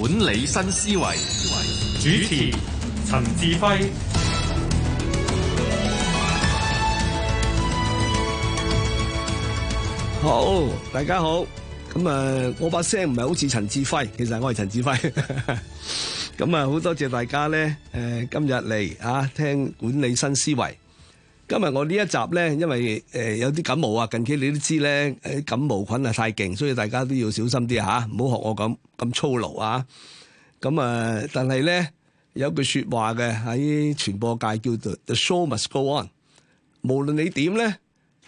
管理新思維，主持陳志輝。好，大家好。咁啊，我把聲唔係好似陳志輝，其實我係陳志輝。咁啊，好多謝大家咧。誒，今日嚟啊，聽管理新思維。今日我呢一集咧，因為誒有啲感冒啊，近期你都知咧，啲感冒菌啊太勁，所以大家都要小心啲吓，唔好學我咁咁粗魯啊！咁啊，但係咧有句說話嘅喺傳播界叫做 The show must go on，無論你點咧，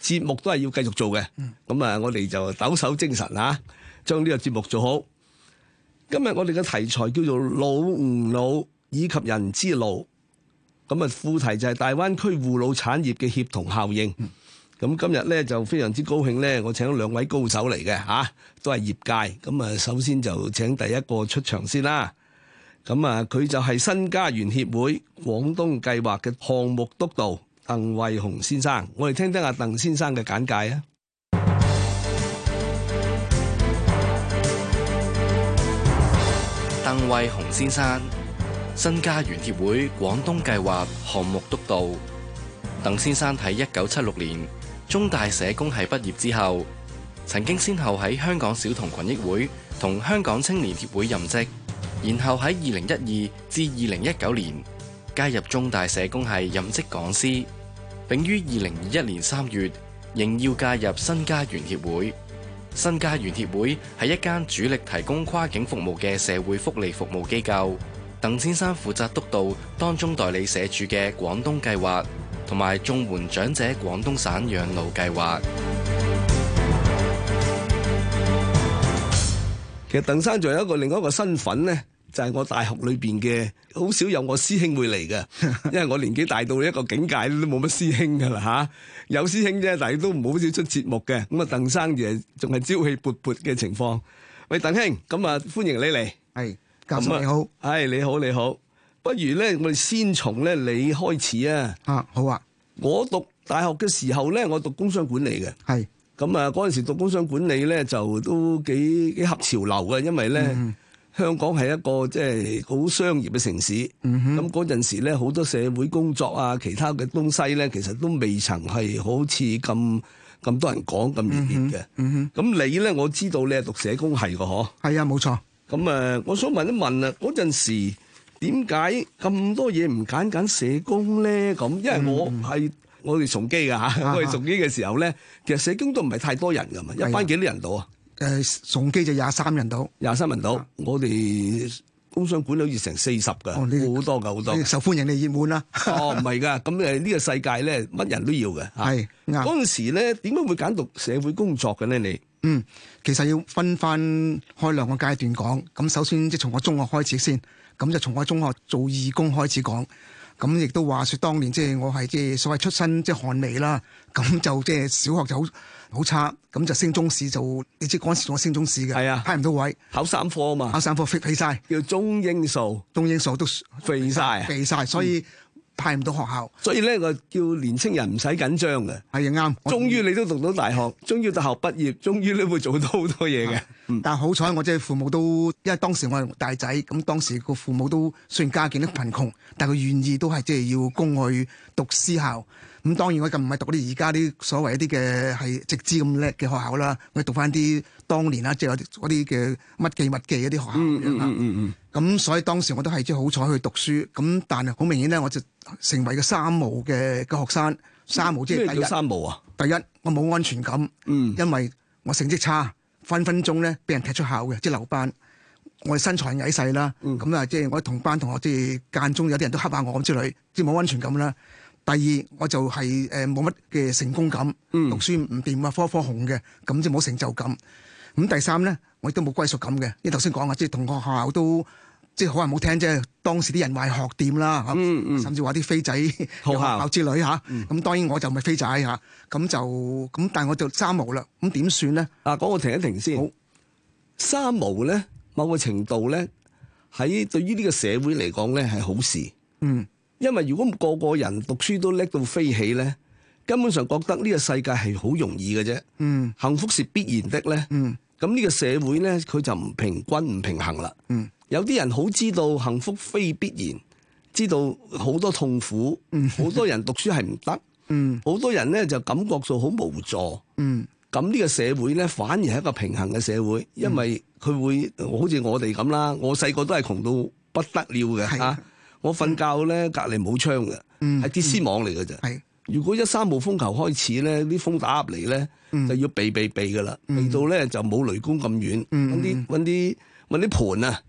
節目都係要繼續做嘅。咁啊，我哋就抖擻精神啊，將呢個節目做好。今日我哋嘅題材叫做老吾老以及人之老。咁啊，副題就係大灣區護老產業嘅協同效應。咁今日呢就非常之高興呢，我請咗兩位高手嚟嘅吓，都係業界。咁啊，首先就請第一個出場先啦。咁啊，佢就係新家園協會廣東計劃嘅項目督導鄧惠雄先生。我哋聽聽阿鄧先生嘅簡介啊。鄧惠雄先生。新家園協會廣東計劃項目督導鄧先生喺一九七六年中大社工系畢業之後，曾經先後喺香港小童群益會同香港青年協會任職，然後喺二零一二至二零一九年加入中大社工系任職講師，並於二零二一年三月仍要加入新家園協會。新家園協會係一間主力提供跨境服務嘅社會福利服務機構。鄧先生負責督導當中代理社署嘅廣東計劃，同埋綜援長者廣東省養老計劃。其實鄧生仲有一個另外一個身份咧，就係我大學裏邊嘅。好少有我師兄會嚟嘅，因為我年紀大到一個境界都冇乜師兄噶啦。吓，有師兄啫，但係都唔好少出節目嘅。咁啊，鄧生嘢仲係朝氣勃勃嘅情況。喂，鄧兄，咁啊，歡迎你嚟。係。咁啊，係你，哎、你好，你好，不如咧，我哋先從咧你開始啊。吓，好啊。我讀大學嘅時候咧，我讀工商管理嘅。係是。咁啊，嗰陣時讀工商管理咧，就都幾幾合潮流嘅，因為咧，嗯、哼香港係一個即係好商業嘅城市。咁嗰陣時咧，好多社會工作啊，其他嘅東西咧，其實都未曾係好似咁咁多人講咁熱烈嘅。咁、嗯、哼你咧，我知道你係讀社工系嘅，嗬？係啊，冇錯。咁誒，我想問一問啦，嗰陣時點解咁多嘢唔揀揀社工咧？咁因為我唔係我哋崇基嘅嚇，我哋崇基嘅時候咧，其實社工都唔係太多人嘅嘛，一班幾多人到啊？誒，崇基就廿三人到，廿三人到，我哋工商管理成四十㗎，好多噶，好多。受歡迎定熱門啊？哦，唔係㗎，咁誒呢個世界咧，乜人都要嘅嚇。係嗰陣時咧，點解會揀讀社會工作嘅咧？你？嗯，其實要分翻開兩個階段講，咁首先即係從我中學開始先，咁就從我中學做義工開始講，咁亦都話説當年即係我係即係所謂出身即係寒微啦，咁就即係小學就好好差，咁就升中試就，你知嗰陣時我升中試嘅，係啊，派唔到位，考三科啊嘛，考三科肥晒，叫中英數，中英數都肥曬，肥曬，所以。派唔到學校，所以咧我叫年青人唔使緊張嘅。係啊，啱。終於你都讀到大學，終於大學畢業，終於你會做到多、 嗯、好多嘢嘅。但好彩，我即係父母都，因為當時我係大仔，咁當時個父母都雖然家境都貧窮，但係佢願意都係即係要供去讀私校。咁當然我咁唔係讀啲而家啲所謂一啲嘅係直資咁叻嘅學校啦，我讀返啲當年啦，即係嗰啲嘅乜記乜記一啲學校咁樣咁、嗯嗯嗯嗯嗯、所以當時我都係即係好彩去讀書。咁但係好明顯咧，我就成為個三無嘅個學生。三無即係第一，三無啊！第一，我冇安全感，嗯、因為我成績差，分分鐘咧俾人踢出校嘅，即係留班。我身材矮細啦，咁啊、嗯，即係我同班同學即係間中有啲人都恰下我咁之類，即冇安全感啦。第二我就係誒冇乜嘅成功感，嗯、讀書唔掂啊，科科紅嘅咁，即冇成就感。咁第三咧，我亦都冇歸屬感嘅。你頭先講啊，即係同個學校都即係好話冇聽，即係當時啲人話學店啦，嗯嗯、甚至話啲飛仔學校， 學校之類嚇。咁、嗯、當然我就咪飛仔嚇，咁就咁，但係我就三毛啦。咁點算咧？啊，講我停一停先。好三毛咧，某個程度咧，喺對於呢個社會嚟講咧係好事。嗯。因為如果個個人讀書都叻到飛起咧，根本上覺得呢個世界係好容易嘅啫。嗯，幸福是必然的咧。嗯，咁呢個社會咧，佢就唔平均唔平衡啦。嗯，有啲人好知道幸福非必然，知道好多痛苦，嗯、 好多人讀書係唔得，好多人咧就感覺到好無助。嗯，咁呢個社會咧反而係一個平衡嘅社會，因為佢會好似我哋咁啦，我細個都係窮到不得了嘅嚇。嗯我瞓覺咧，隔籬冇窗嘅，係鐵絲網嚟嘅啫。是如果一三號風球開始咧，啲風打入嚟咧，就要避避避噶啦，嚟、嗯、到咧就冇雷公咁遠。揾啲揾啲揾啲盆啊，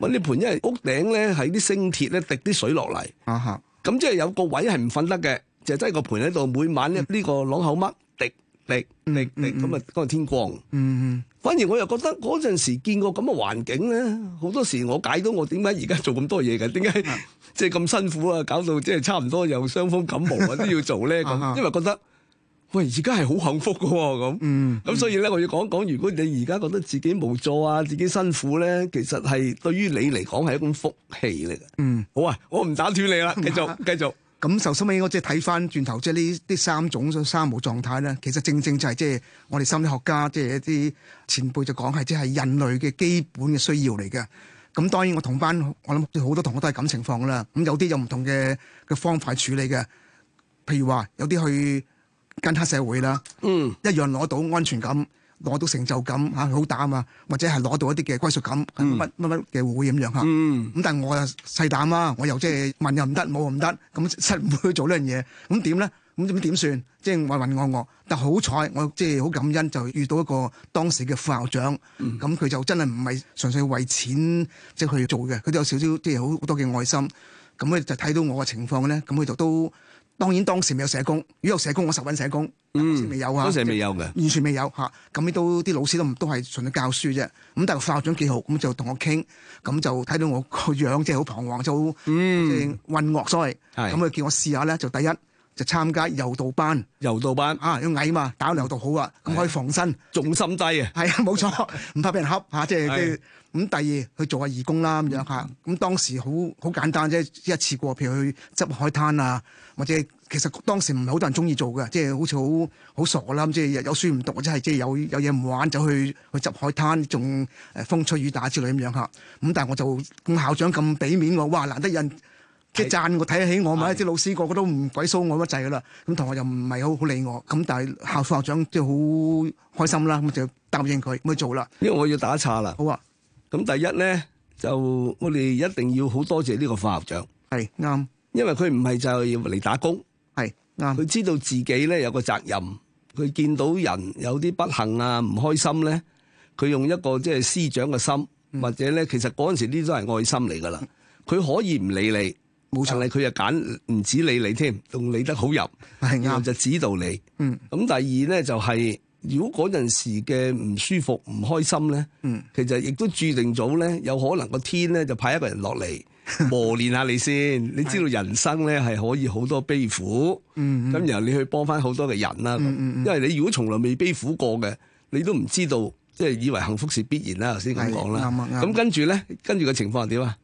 揾啲盆，因為屋頂咧喺啲星鐵咧滴啲水落嚟。咁、啊、哈即係有個位係唔瞓得嘅，就真、是、揸個盆喺度，每晚呢呢個朗口甩滴滴滴滴，咁啊嗰個天光。嗯反而我又覺得嗰陣時見過咁嘅環境咧，好多時我解到我點解而家做咁多嘢嘅，點解即係咁辛苦啊，搞到即係差唔多有傷風感冒啊都要做咧咁，因為覺得喂而家係好幸福㗎喎咁，咁、嗯、所以咧我要講一講，如果你而家覺得自己無助啊，自己辛苦咧，其實係對於你嚟講係一種福氣嚟嘅。嗯，好啊，我唔打斷你啦，繼續繼續。咁首先，我即係睇翻轉頭，即係呢啲三種三無狀態咧。其實正正就係即係我哋心理學家，即係一啲前輩就講係即係人類嘅基本嘅需要嚟嘅。咁當然，我同班我諗好多同學都係咁情況啦。咁有啲有唔同嘅嘅方法處理嘅，譬如話有啲去跟黑社會啦，嗯、一樣攞到安全感。攞到成就感嚇，好打啊，膽啊，或者係攞到一啲嘅歸屬感，乜乜乜嘅會唔會咁樣？咁但係我啊細膽啦，我又即係文又唔得，冇又唔得，咁實唔會去做呢樣嘢，咁點咧？咁點點算？即係渾渾噩噩，但好彩，我即係好感恩，就遇到一個當時嘅副校長，咁、嗯、佢、嗯、就真係唔係純粹為錢即係去做嘅，佢都有少少即係好好多嘅愛心，咁佢就睇到我嘅情況咧，咁佢就都。當然當時未有社工，如果有社工，我實揾社工，當、嗯、時未有，有，有啊。當時未有嘅，完全未有嚇。咁呢都啲老師都唔都係純粹教書啫。咁但係校長幾好，咁就同我傾，咁就睇到我個樣即係好彷徨，就好即係渾噩所謂以。咁佢是叫我試下咧，就第一。就參加柔道班，柔道班啊，要矮嘛，打個柔道好啊，咁可以防身，重心低啊，係啊，冇錯，唔 怕俾人恰嚇，即係啲咁第二去做下義工啦咁樣嚇，咁、嗯、當時好好簡單啫，一次過譬如去執海灘啊，或者其實當時唔係好多人中意做嘅，即係好似好好傻啦，即係有書唔讀或者係即係有有嘢唔玩就去去執海灘，仲誒風吹雨打之類咁樣嚇，咁但係我就咁校長咁俾面我，哇，哇難得人。即係讚我睇得起我嘛？啲老師個個都唔鬼騷我乜滯噶啦，咁同學又唔係好好理我，咁但係校副校長即係好開心啦，咁就答應佢，咪做啦。因為我要打岔啦。好啊，咁第一咧就我哋一定要好多謝呢個副校長。係啱，因為佢唔係就係嚟打工。係啱，佢知道自己咧有個責任，佢見到人有啲不幸啊唔開心咧，佢用一個即係師長嘅心，或者咧其實嗰陣時啲都係愛心嚟㗎啦。佢可以唔理你。冇錯，係佢就揀唔止理你添，仲理得好入，然後就指導你。嗯，咁第二咧就係，如果嗰陣時嘅唔舒服、唔開心咧，嗯，其實亦都注定咗咧，有可能個天咧就派一個人落嚟磨練下你先。你知道人生咧係可以好多悲苦，嗯嗯，咁然後你去幫翻好多嘅人啦。嗯嗯，因為你如果從來未悲苦過嘅，你都唔知道，即係以為幸福是必然啦。頭先咁講啦。咁跟住咧，跟住個情況係點啊？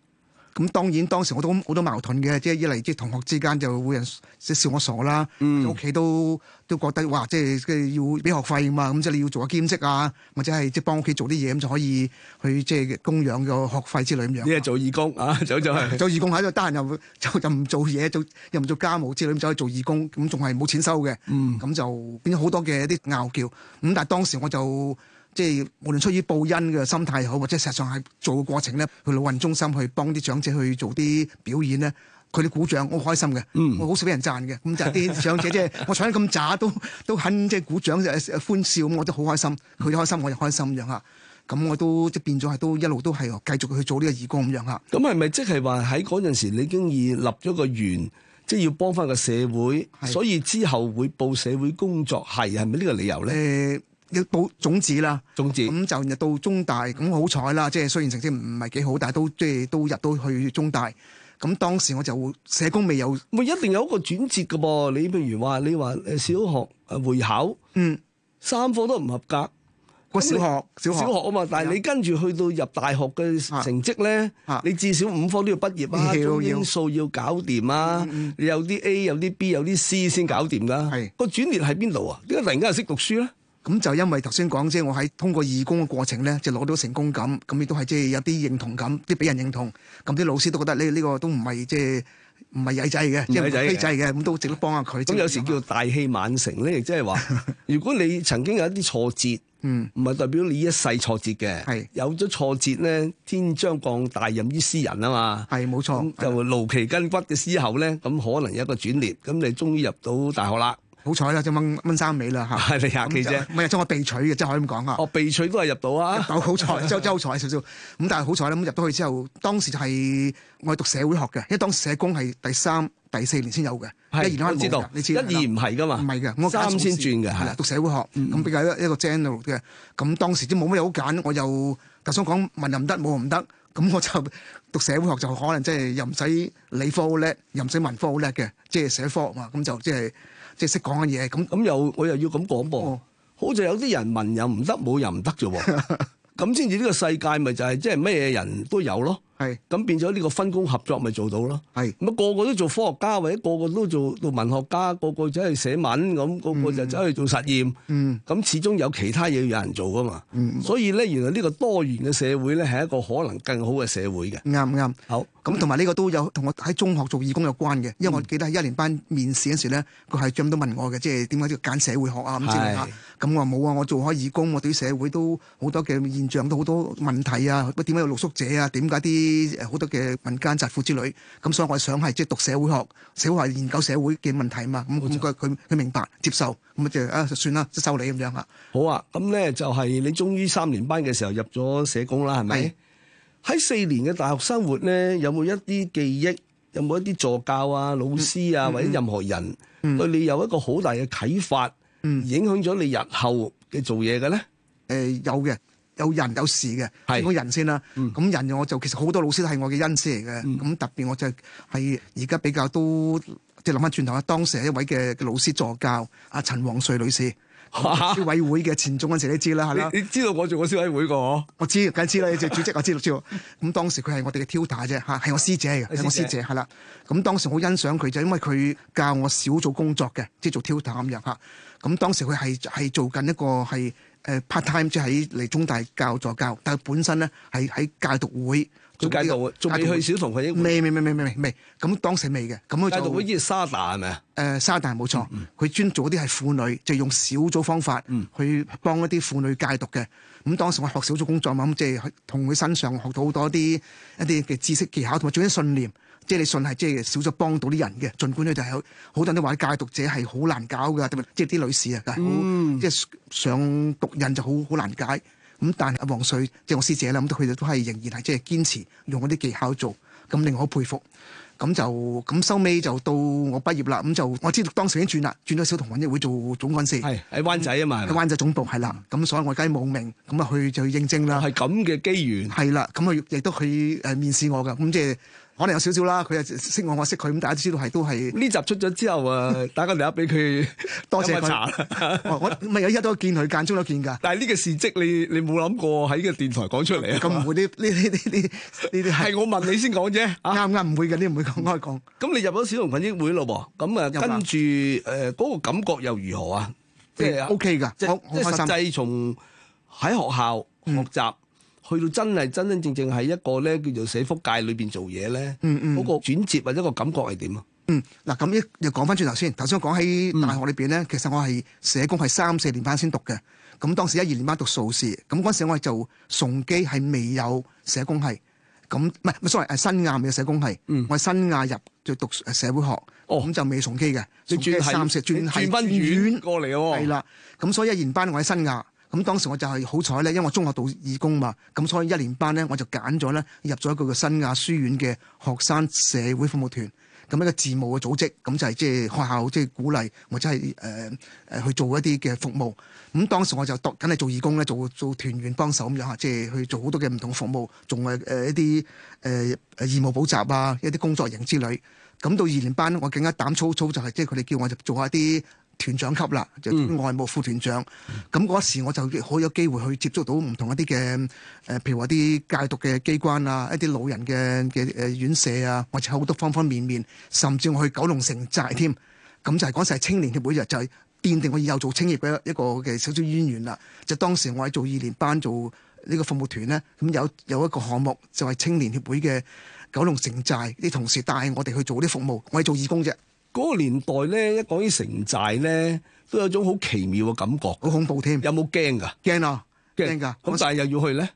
咁當然當時我都好多矛盾嘅，即係一嚟即係同學之間就會有人即笑我傻啦。屋企都都覺得哇，即係即係要俾學費啊嘛，咁即係你要做下兼職啊，或者係即係幫屋企做啲嘢咁就可以去即係供養個學費之類咁樣。呢係做義工啊？就就做義工喺度得閒又又又唔做嘢，又唔做，做家務之類，走去做義工咁仲係冇錢收嘅。咁、嗯、就變咗好多嘅一啲拗撬。咁但係當時我就。即係無論出於報恩嘅心態，好或者實上係做嘅過程咧，去樂運中心去幫啲長者去做啲表演咧，佢哋鼓掌好開心嘅，嗯、我好少俾人讚嘅。咁就啲長者即係 我唱得咁渣，都都，肯都很即係鼓掌歡笑，咁我都好開心。佢開心，我，開心我就開心咁樣嚇。咁我都即係變咗係都一路都係繼續去做呢個義工咁樣嚇。咁係咪即係話喺嗰陣時你已經已立咗個願，即係要幫返個社會，的所以之後會報社會工作係係咪呢個理由咧？欸到總之啦，總之咁就入到中大，咁好彩啦！即係雖然成績唔係幾好，但係都即係都入到去中大。咁當時我就社工未有，唔係一定有一個轉折噶噃。你譬如話，你話小學會考，嗯，三科都唔合格，個小學小學小學啊嘛。但係你跟住去到入大學嘅成績咧，你至少五科都要畢業啊，中英數要搞掂啊，你有啲 A，有啲 B，有啲 C 先搞掂㗎。個轉折喺邊度啊？點解突然間又識讀書咧？咁就因為頭先講即係我喺通過義工嘅過程咧，就攞到成功感，咁亦都係即係有啲認同感，即俾人認同，咁啲老師都覺得呢呢個都唔係、就是、即係唔係曳仔嘅，即係曳仔嘅，咁都值得幫下佢。咁有時叫做大器晚成咧，亦即係話，如果你曾經有一啲挫折，嗯，唔係代表你一世挫折嘅，係、嗯、有咗挫折咧，天將降大任於斯人啊嘛，係冇、嗯、錯，就勞其筋骨嘅時候咧，咁可能有一個轉捩，咁你終於入到大學啦。好彩啦，就掹掹三尾啦嚇，你廿幾啫，唔係即係我備取嘅，即係可以咁講啊。哦，備取都係入到啊，好彩，真真好彩少少。咁但係好彩咧，咁入到去之後，當時就係我係讀社會學嘅，因為當時社工係第三、第四年先有嘅，一而家冇噶，你知一而唔係噶嘛，唔係嘅，我啱先轉嘅，讀社會學咁比較一一個 general 嘅。咁當時都冇咩好揀，我又就想講文又唔得，武又唔得，咁我就讀社會學就可能即係又唔使理科好叻，又唔使文科好叻嘅，即係社科啊嘛，咁就即係。即係識講嘅嘢，咁咁又我又要咁講噃，哦、好似有啲人文又唔得，武又唔得啫喎，咁先至呢個世界咪就係即係咩人都有咯。係咁是變咗呢個分工合作咪做到咯？係咁是個個都做科學家或者個個都做做文學家，個個走去寫文咁，個個就走去做實驗、嗯。嗯，咁始終有其他嘢要有人做噶嘛？嗯、所以咧原來呢個多元嘅社會咧係一個可能更好嘅社會嘅。啱啱、嗯嗯、好，咁同埋呢個都有同我喺中學做義工有關嘅，因為我記得喺一年班面試嗰時咧，佢係專登都問我嘅，即係點解要揀社會學啊咁之類，我話冇啊，我做開義工，我對社會都好多嘅現象都好多問題啊！乜點解有露宿者啊？點解啲啲好多嘅民間疾苦之類，咁所以我想係即係讀社會學，社會學研究社會嘅問題嘛。咁佢佢佢明白接受，咁就啊算啦，就收你咁樣啦。好啊，咁咧就係你終於三年班嘅時候入咗社工啦，係咪？喺四年嘅大學生活咧，有冇一啲記憶？有冇一啲助教啊、老師啊，或者任何人對你有一個好大嘅啟發，影響咗你日後嘅做嘢嘅咧？誒有嘅。有人有事嘅，講是人先啦。咁、嗯、人我就其實好多老師都係我嘅恩師嚟嘅。咁、嗯、特別我就係而家比較都即係諗翻轉頭啊，當時係一位嘅老師助教阿陳黃穗女士，消哈、嗯、委會嘅前總，嗰時你知啦，係啦。你知道我做過消委會個 ？我知梗知啦，你做主席我知，道，知道。咁當時佢係我哋嘅 tutor 啫嚇，係我師姐嘅，係我師姐。係啦， 咁 當時好欣賞佢就因為佢教我小組工作嘅，即、就、係、是、做 tutor 咁樣嚇。咁當時佢係係做緊一個係。誒 part time 即係嚟中大教助教，但係本身咧係喺戒毒會做啲嘅。戒毒會，係讀去小同佢未未未未未未？咁當時未嘅。咁佢戒毒會叫沙大係咪啊？誒、呃、沙大冇錯，佢專、嗯嗯、做啲係婦女，就係、用小組方法、嗯、去幫一啲婦女戒毒嘅。咁當時我學小組工作嘛，咁即係同佢身上學到好多啲一啲嘅知識技巧，同埋做啲信念。即係你信係即係少咗幫到啲人嘅，儘管咧就係好多人都話啲戒毒者係好難搞㗎，即係啲女士啊，即係、嗯就是、想毒癮就好好難戒。咁但係阿黃瑞，即、就、係、是、我師姐啦，諗到佢哋都係仍然係即係堅持用嗰啲技巧做，咁令我好佩服。咁就咁收尾就到我畢業啦。咁就我知道當時已經轉啦，轉咗小童群益會做總幹事。係喺灣仔啊嘛，喺灣仔總部係啦。咁所以我梗係慕名咁啊去就去應徵啦。係咁嘅機緣。係啦，咁啊亦都去誒面試我㗎。咁即係。可能有少少啦，佢又識我，我識佢，咁大家都知道係都係呢集出咗之後啊，打個電話俾佢，多謝佢。飲下茶。我咪有一日都見佢間中都見㗎。但係呢個事蹟，你你冇諗過喺個電台講出嚟啊？咁唔會呢呢呢呢呢啲係我問你先講啫。啱唔啱？唔會㗎，你唔會公開講。咁你入咗小童群益會咯喎？咁啊，跟住誒嗰個感覺又如何啊？即係 OK 㗎，即係即係實際從喺學校學習。去到真係真真正正係一個咧，叫做社福界裏邊做嘢咧，嗰個轉折或者個感覺係點啊？嗯，嗱咁一又講翻轉頭先，頭先講喺大學裏邊咧，其實我係社工係三四年班先讀嘅，咁當時一二年班讀碩士，咁嗰陣時我係做崇基，係未有社工系，咁唔係唔係 sorry，係新亞未有社工系，我喺新亞入就讀社會學，咁就未崇基嘅，崇基係三四轉翻院過嚟喎，係啦，咁所以一二年班我喺新亞。咁當時我就係好彩咧，因為我中學做義工嘛，咁所以一年班咧我就揀咗咧入咗一個新亞書院嘅學生社會服務團，咁一個志務嘅組織，咁就係即係學校即係鼓勵或者係誒誒去做一啲嘅服務。咁當時我就當緊係做義工咧，做做團員幫手咁樣吓，即係去做好多嘅唔同服務，仲係誒一啲誒誒義務補習啊，一啲工作營之類。咁到二年班，我更加膽粗粗，就係即係佢哋叫我就做下一啲。團長級啦，就外務副團長。咁嗰、嗯、時我就好有機會去接觸到唔同一啲嘅，誒、呃，譬如話啲戒毒嘅機關啊，一啲老人嘅嘅誒院舍啊，或者好多方方面面，甚至我去九龍城寨添。咁就係嗰時係青年協會，就係奠定我以後做青協嘅一個嘅小小淵源啦。就當時我喺做二年班做呢個服務團呢，咁有有一個項目就係青年協會嘅九龍城寨啲同事帶我哋去做啲服務，我係做義工啫。嗰個年代咧，一講起城寨咧，都有種好奇妙嘅感覺，好恐怖添。有冇驚㗎？驚啊！驚㗎！咁但係又要去咧，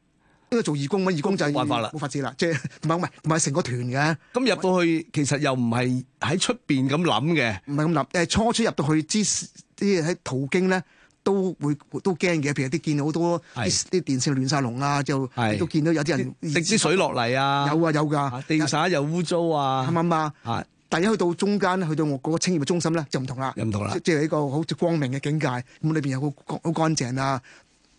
因為做義工啊嘛，義工就冇辦法啦，冇法子啦，即係唔係唔係唔係成個團嘅。咁入到去其實又唔係喺出邊咁諗嘅，唔係咁諗。誒，初初入到去之啲喺途經咧，都會都驚嘅。譬如啲見到好多啲電線亂曬龍啊，就都見到有啲人滴啲水落嚟啊，有啊有㗎，地下又污糟啊，啱唔啱啊？但一去到中間，去到我嗰、嗰個青年嘅中心咧，就唔同啦。唔同啦，即係一個好光明嘅境界，咁裏邊有好好乾淨啊！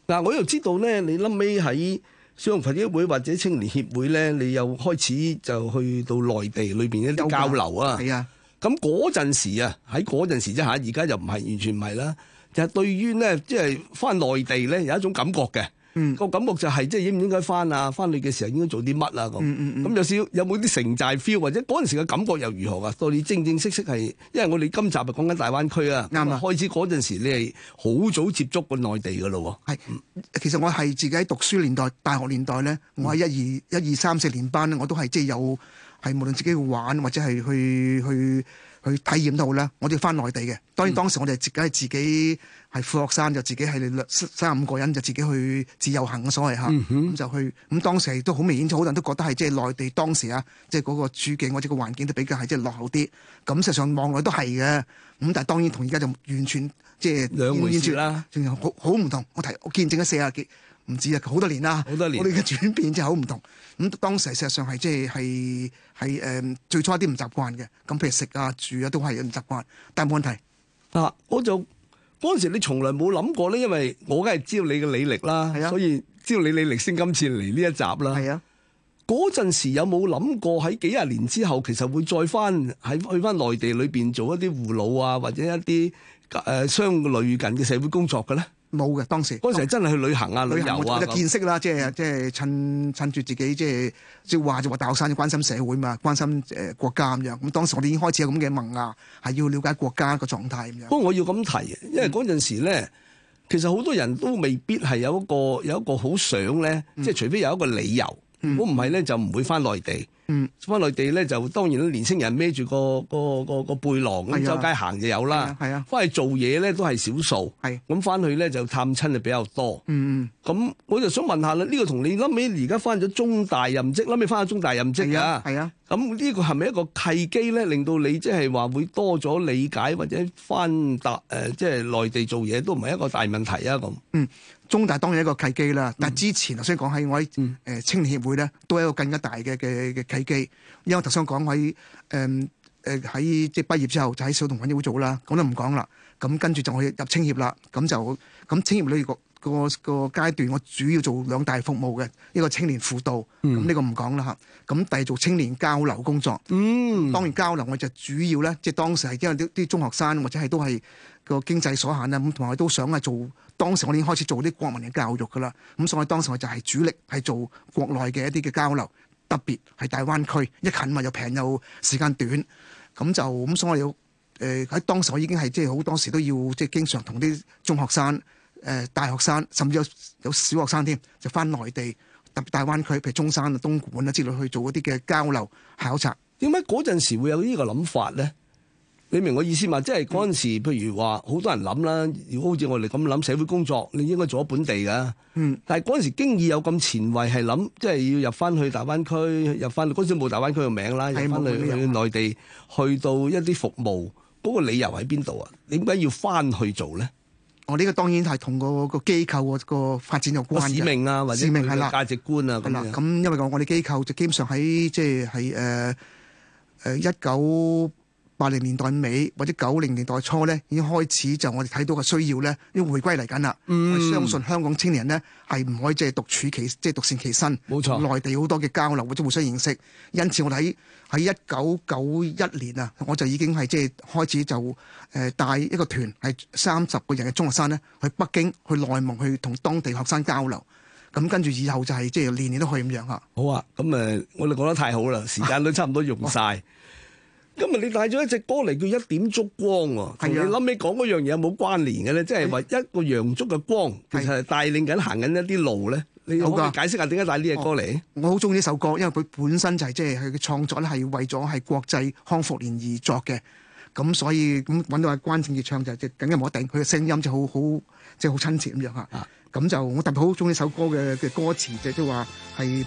嗱、啊，我又知道咧，你臨尾喺商貿協會或者青年協會咧，你又開始就去到內地裏邊一啲交流啊。係啊，咁嗰陣時啊，喺嗰陣時啫嚇，而家又唔係完全唔係啦。就係、對於咧，即係返內地咧，有一種感覺嘅。個、嗯、感覺就係即係應唔應該翻啊，翻嚟嘅時候應該做啲乜啊咁。咁、嗯嗯嗯、有時有冇啲城寨 feel 或者嗰陣時嘅感覺又如何啊？到你正正式式係，因為我哋今集啊講緊大灣區啊，啱啊、嗯。嗯、開始嗰陣時你係好早接觸過內地噶咯喎。係嗯、其實我係自己喺讀書年代、大學年代咧，我喺一二一二三四年班咧，我都係即係有係無論自己去玩或者係去去，去去體驗到好啦，我哋翻內地嘅，當然當時我哋自己係自己係副學生，嗯、就自己係三十五個人就自己去自由行嘅所謂嚇，咁、嗯哼嗯、就去，咁、嗯、當時亦都好明顯，好多人都覺得係即係內地當時啊，即係嗰個處境或者個環境都比較係即係落後啲，咁實際上望來都係嘅。咁、嗯、但係當然同而家就完全即係兩回事啦，全全好好唔同。我提我見證咗四啊幾。唔知啊，好多年啦，好多年，我哋嘅轉變真係好唔同。咁當時實際上係即係係係誒最初一啲唔習慣嘅，咁譬如食啊住啊都係唔習慣，但冇問題啊。我就嗰陣時你從來冇諗過咧，因為我梗係知道你嘅履歷啦，所以知道你履歷先，今次嚟呢一集啦。係啊，嗰陣時有冇諗過喺幾廿年之後，其實會再翻喺去翻內地裏邊做一啲護老啊，或者一啲誒相類近嘅社會工作嘅咧？冇嘅，當時嗰陣時真係去旅行啊，旅行就、啊啊、見識啦、啊，即係即係趁趁住自己即係即係話就話大學生要關心社會嘛，關心誒、呃、國家咁樣。咁當時我哋已經開始有咁嘅問啊，係要了解國家個狀態咁樣。不過我要咁提，因為嗰陣時咧，嗯、其實好多人都未必係有一個有一個好想咧，嗯、即係除非有一個理由，如果唔係咧就唔會返內地。嗯，翻內地咧就當然年青人孭住個個個個背囊咁周街行就有啦，係啊，翻、啊啊、去做嘢咧都係少數，係、啊，咁翻、啊、去咧就探親就比較多，嗯嗯，咁我就想問下啦，呢、這個同你諗起而家翻咗中大任職，諗起翻咗中大任職啊，係啊，咁呢個係咪一個契機咧，令到你即係話會多咗理解或者翻搭誒即係內地做嘢都唔係一個大問題啊咁，嗯，中大當然一個契機啦，但係之前頭先講喺我誒青年協會咧都係一個更加大嘅嘅嘅。更更契機，因為我頭先講喺誒誒喺即係畢業之後就喺小童委員會做啦，咁都唔講啦。咁跟住就可以入青協啦。咁就咁青協呢個個個階段，我主要做兩大服務嘅，一個青年輔導，咁呢個唔講啦吓。咁第二做青年交流工作，當然交流我就主要咧，即係當時係因為啲中學生或者係都係個經濟所限啦。咁同埋我都想係做，當時我已經開始做啲國民嘅教育噶啦。咁所以當時我就係主力係做國內嘅一啲嘅交流。特別係大灣區，一近嘛又平又時間短，咁就咁所以我誒喺、呃、當時我已經係即係好多時都要即係經常同啲中學生、誒、呃、大學生，甚至有有小學生添，就翻內地特別大灣區，譬如中山啊、東莞啦之類去做嗰啲嘅交流考察。點解嗰陣時會有呢個諗法咧？你明我意思嘛？即係嗰陣時，譬如話，好多人諗啦。如果好似我哋咁諗，社會工作，你應該做本地嘅。嗯。但係嗰陣時經已有咁前衞，係諗，即係要入翻去大灣區，入翻嗰時冇大灣區嘅名啦，入翻去入內地，去到一啲服務，嗰、嗰個理由喺邊度啊？你點解要翻去做咧？我呢、哦呢個當然係同個個機構個發展有關使命啊，或者使命係啦，價值觀啊，係啦。咁樣因為我哋機構就基本上喺即係喺誒誒一九八零年代尾或者九零年代初咧，已經開始就我哋睇到嘅需要咧，啲回歸嚟緊啦。嗯、我相信香港青年人咧係唔可以即係獨處其，即係獨善其身。冇錯，內地好多嘅交流或者互相認識。因此我哋喺喺一九九一年啊，我就已經係即係開始就誒帶一個團係三十個人嘅中學生咧去北京去內蒙去同當地學生交流。咁跟住以後就係、是、即係年年都去咁樣嚇。好啊，咁誒我哋講得太好啦，時間都差唔多用晒。 今日你帶咗一隻歌嚟叫一點燭光喎，同你諗起講嗰樣嘢有冇關聯嘅咧？即係話一個洋燭嘅光其實係帶領緊行緊一啲路咧。你可以解釋下點解帶呢隻歌嚟？我好中意呢首歌，因為佢本身就係即係佢嘅創作咧係為咗係國際康復年而作嘅。咁所以咁揾到阿關正傑唱就即係更加冇得頂，佢嘅聲音就好好即係好親切咁樣嚇。咁就我特別好中意呢首歌嘅嘅歌詞，即係話係。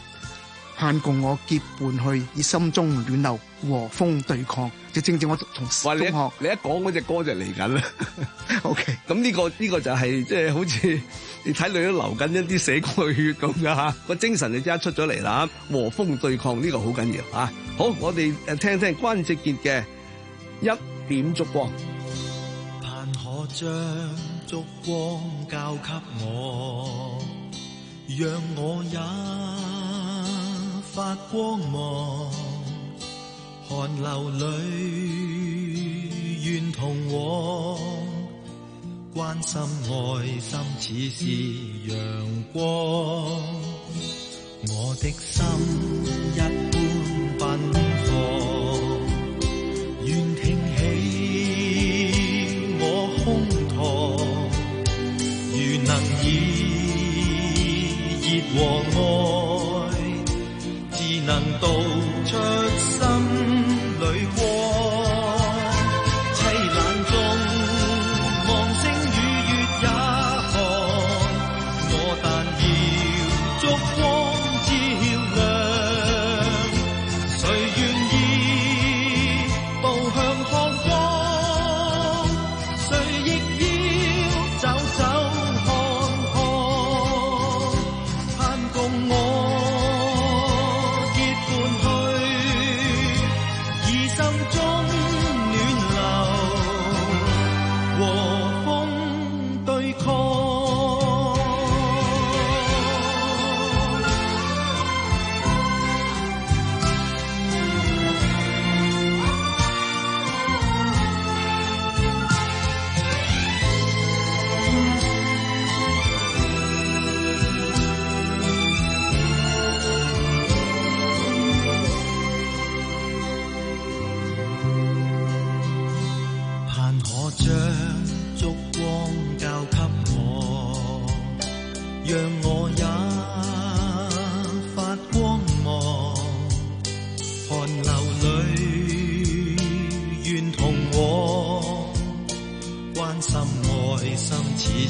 盼共我結伴去，以心中暖流和風對抗，就正正我從同學，你一講嗰隻隻歌就嚟緊啦。 OK，咁呢、 呢個呢、呢個就係即係好似你體內都流緊一啲社工嘅血咁嘅嚇，啊那個精神你而家出咗嚟啦，和風對抗呢、呢個好緊要啊！好，我哋誒聽聽關正傑嘅一點燭光，盼可將燭光交給我，讓我也。發光芒，寒流裏，願同我關心愛心似是陽光，我的心。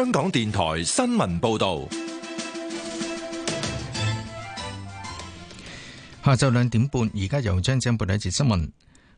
香港電台新聞報道，下晝兩點半，而家由張正報第一節新聞。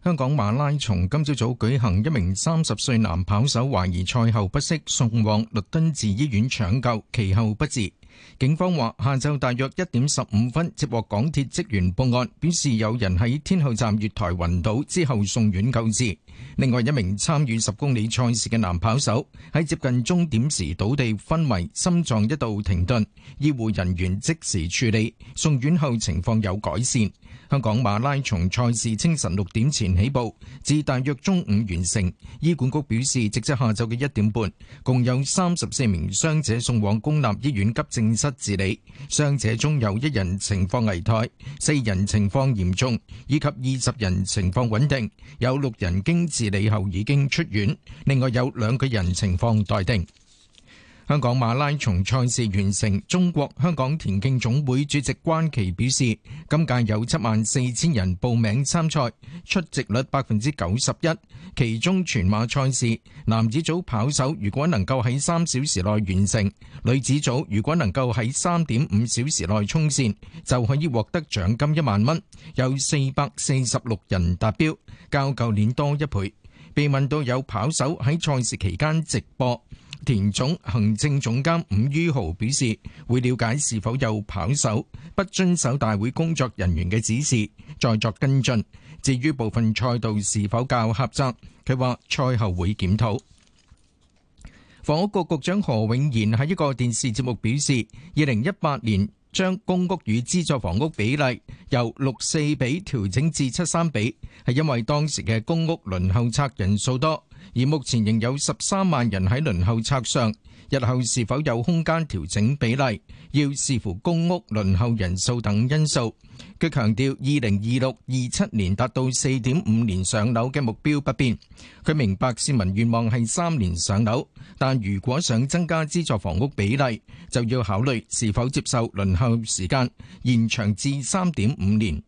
香港馬拉松今朝早舉行，一名三十歲男跑手懷疑賽後不適，送往律敦治醫院搶救，其後不治。警方話，下晝大約一點十五分接獲港鐵職員報案，表示有人喺天后站月台暈倒，之後送院救治。另外一名參與十公里賽事嘅男跑手喺接近終點時倒地，昏迷，心臟一度停頓，醫護人員即時處理，送院後情況有改善。香港馬拉松賽事清晨六點前起步，至大約中午完成。醫管局表示，直至下晝嘅一點半，共有三十四名傷者送往公立醫院急症室治理，傷者中有一人情況危殆，四人情況嚴重，以及二十人情況穩定，有六人經治理後已經出院，另外有兩個人情況待定。香港馬拉松賽事完成，中國香港田徑總會主席關祺表示，今屆有七萬四千人報名參賽，出席率百分之九十一。其中全馬賽事，男子組跑手如果能夠喺三小時內完成，女子組如果能夠喺三點五小時內衝線，就可以獲得獎金一萬蚊。有四百四十六人達標，較舊年多一倍。被問到有跑手喺賽事期間直播。田總行政總監伍於豪表示，會了解是否有跑手不遵守大會工作人員嘅指示，再作跟進。至於部分賽道是否較狹窄，佢話賽後會檢討。房屋局局長何永賢喺一個電視節目表示，二零一八年將公屋與資助房屋比例由六四比調整至七三比，係因為當時嘅公屋輪候冊人數多。而目前仍有十三萬人喺輪候冊上，日後是否有空間調整比例，要視乎公屋輪候人數等因素。佢強調二零二六二七年達到四點五年上樓嘅目標不變，佢明白市民願望係三年上樓，但如果想增加資助房屋比例，就要考慮是否接受輪候時間延長至三點五年。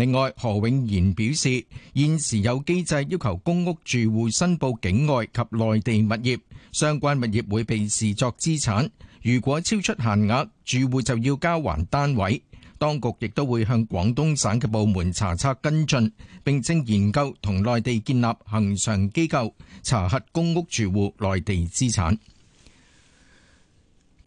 另外，何永賢表示，現時有機制要求公屋住戶申報境外及內地物業，相關物業會被視作資產。如果超出限額，住戶就要交還單位。當局亦都會向廣東省嘅部門查冊跟進，並正研究同內地建立恆常機構，查核公屋住戶內地資產。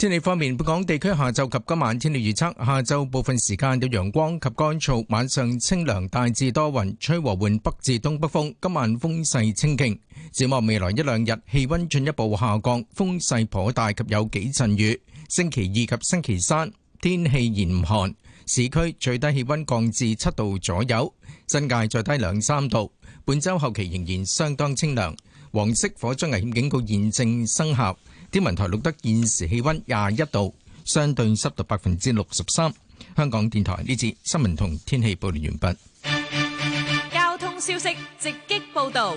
天氣方面，本港地區下晝及今晚天氣預測：下晝部分時間有陽光及乾燥，晚上清涼，大致多雲，吹和緩北至東北風。今晚風勢清勁。展望未來一兩日，氣溫進一步下降，風勢頗大及有幾陣雨。星期二及星期三天氣嚴寒，市區最低氣溫降至七度左右，新界再低兩三度。本周後期仍然相當清涼。黃色火災危險警告現正生效。天文台錄得現時氣溫廿一度，相對濕度百分之六十三。香港電台呢次新聞同天氣報道完畢。交通消息直擊報道。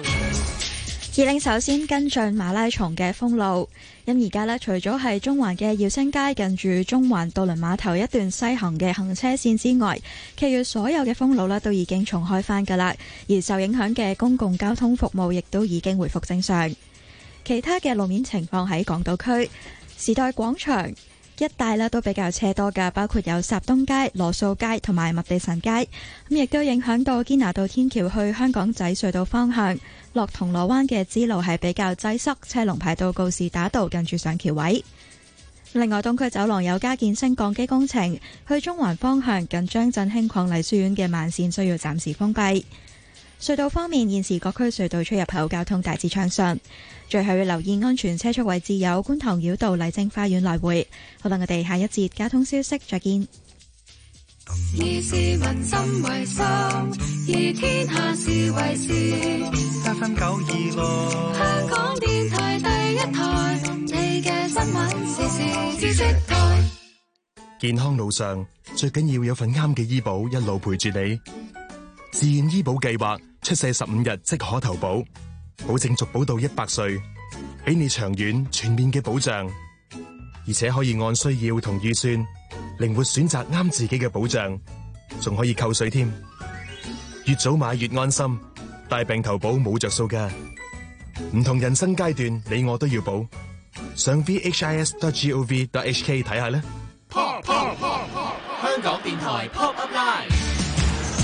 二零首先跟進馬拉松嘅封路，因而家呢，除咗係中環嘅耀青街近住中環渡輪碼頭一段西行嘅行車線之外，其餘所有嘅封路呢都已經重開翻噶啦，而受影響嘅公共交通服務亦都已經回復正常。其他嘅路面情況喺港島區時代廣場一帶咧，都比較車多嘅，包括有霎東街、羅素街同埋麥地臣街，咁亦都影響到堅拿道天橋去香港仔隧道方向。落銅鑼灣嘅支路係比較擠塞，車龍排到告士打道近住上橋位。另外，東區走廊有加建升降機工程，去中環方向近張振興伉儷書院嘅慢線需要暫時封閉。隧道方面，現時各區隧道出入口交通大致暢順。最後要留意安全車速位置有觀塘繞道麗晶花園來回。好啦，我哋下一節交通消息再見。以市民心為心，以天下事為事。香港電台第一台，你嘅新聞時事知識台。健康路上最緊要有份啱嘅醫保，一路陪住你。自願醫保計劃出世，十五日即可投保，保證續保到一百歲，俾你長遠全面嘅保障，而且可以按需要同預算靈活選擇啱自己嘅保障，仲可以扣稅添。越早買越安心，大病投保冇着數噶。唔同人生階段，你我都要保，上 vhis.gov.hk 睇下啦。香港電台 Pop Up